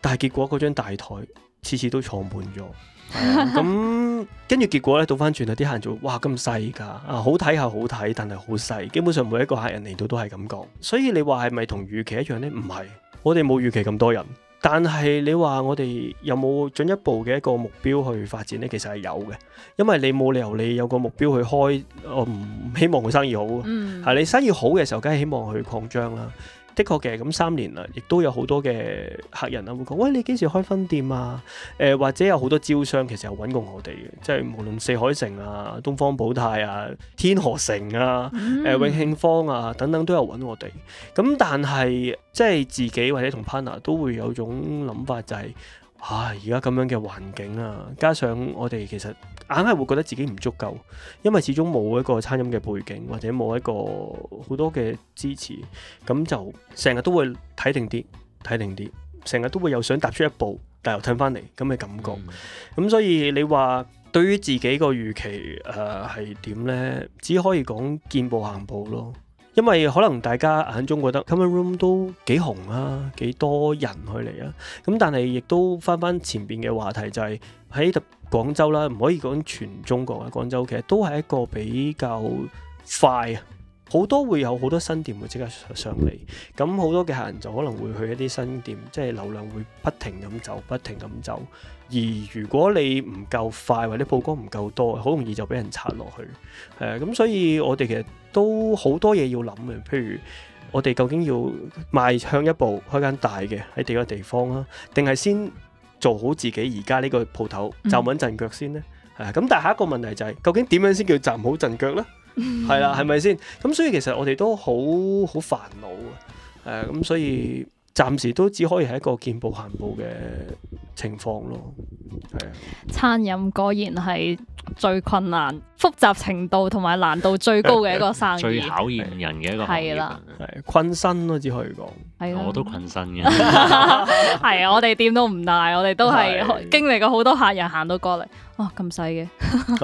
但係結果嗰張大枱次次都坐滿咗，咁跟住結果咧倒翻轉啦，啲客人就話：哇咁細㗎啊！好睇係好睇，但係好細。基本上每一個客人嚟到都係咁講。所以你話係咪同預期一樣呢？唔係，我哋冇預期咁多人。但係你話我哋有冇進一步嘅一個目標去發展呢？其實係有嘅，因為你冇理由你有個目標去開，我、呃、唔希望佢生意好。嗯、啊，你生意好嘅時候，梗係希望佢擴張啦。的確嘅，咁三年啦，亦都有好多嘅客人啊會講，喂，你幾時開分店啊？誒、呃，或者有好多招商其實有揾過我哋嘅，即係無論四海城啊、東方寶泰啊、天河城啊、誒、嗯呃、永慶坊啊等等都有揾我哋。咁但係即係自己或者同 partner 都會有種諗法、就係，就係。唉，而家咁樣嘅環境啊，加上我哋其實硬係會覺得自己唔足夠，因為始終冇一個餐飲嘅背景，或者冇一個好多嘅支持，咁就成日都會睇定啲，睇定啲，成日都會又想踏出一步，但又褪翻嚟，咁嘅感覺。咁、嗯、所以你話對於自己個預期，誒係點呢？只可以講見步行步咯。因為可能大家眼中覺得 Common Room 都幾紅啊，幾多人去嚟啊，咁但係亦都翻翻前邊嘅話題、就係，就係喺特廣州啦，唔可以講全中國啦，廣州其實都係一個比較快啊，好多會有好多新店會即刻上嚟，咁好多嘅客人就可能會去一啲新店，即係流量會不停咁走，不停咁走。而如果你唔夠快或者曝光唔夠多，好容易就俾人拆落去，誒、啊、咁，所以我哋其實都好多嘢要諗嘅，譬如我哋究竟要邁向一步開一間大嘅喺第二個地方啦，定係先做好自己而家呢個鋪頭站穩陣腳先走走呢？係咁、嗯啊、但係下一個問題就係、是、究竟點樣先叫站好陣腳呢？係啦、啊，係咪先？咁所以其實我哋都好好煩惱嘅，咁、啊、所以。暫時都只可以係一個見步行步嘅情況咯，係啊！餐飲果然係最困難、複雜程度同埋難度最高嘅一個生意， <laughs> 最考驗人嘅一個係啦，係的困身咯，只可以講。啊、我都困身嘅，係 <laughs> <laughs> 啊！我哋店都唔大，我哋都係經歷過好多客人行到過嚟，哇咁細嘅，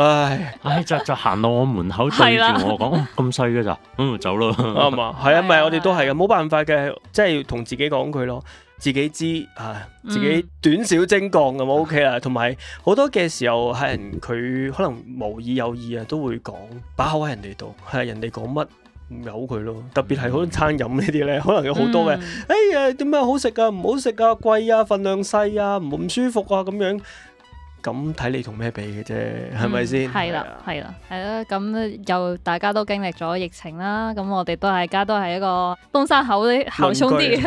唉唉就就行到我門口對住我講咁細嘅咋，嗯、啊哦、走啦，係 <laughs> 啊，係啊，咪我哋都係嘅，冇辦法嘅，即係同自己講佢咯，自己知啊，自己短小精幹咁 ok 啦。同埋好多嘅時候，客人佢可能無意有意啊，都會講把口喺人哋度，係人哋講乜。有佢咯，特別係好多餐飲呢啲咧，可能有好多嘅，哎呀點解好食㗎，唔好食啊，貴啊，份量細啊，唔舒服啊咁樣。咁睇你同咩比嘅啫，係咪先？係啦，係啦，係啦。咁又大家都經歷咗疫情啦，咁我哋都大家都係一個東山口啲豪充啲。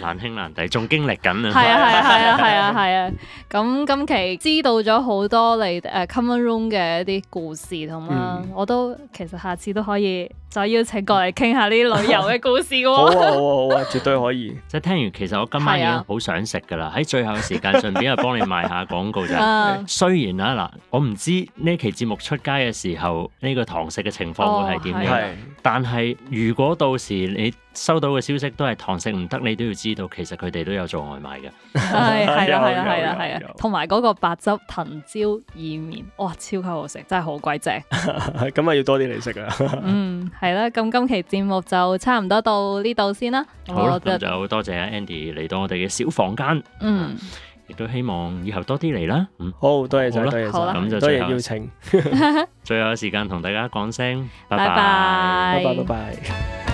難兄難弟，仲經歷緊啊！係啊，係啊，係啊，係啊。咁今期知道咗好多你誒 Common Room 嘅一啲故事，同埋我都其實下次都可以。就邀請過嚟傾下呢旅遊嘅故事，啊 <laughs> 好啊。好啊好啊，絕對可以。即係 <laughs> 聽完，其實我今晚已經好想食噶啦。喺最後嘅時間，順便又幫你賣下廣告就。 <laughs> 雖然啊嗱，我唔知呢期節目出街嘅時候，呢、這個堂食嘅情況會係點樣？哦但係，如果到時你收到嘅消息都係堂食唔得，你都要知道，其實佢哋都有做外賣嘅。係啊，係啊，係啊，係啊，同埋嗰個白汁藤椒意麵，哇，超級好食，真係好鬼正。咁啊，要多啲嚟食啊！嗯，係啦，咁今期節目就差唔多到呢度先啦。好啦，咁好 <laughs> 就多謝 Andy 嚟到我哋嘅小房間。 <laughs> 嗯。亦都希望以後多啲嚟啦，嗯，好，多謝晒，吧多謝晒，咁吧就多謝邀請， <laughs> <laughs> 最後嘅時間同大家講聲，拜拜 <laughs> bye，拜拜。Bye bye, bye bye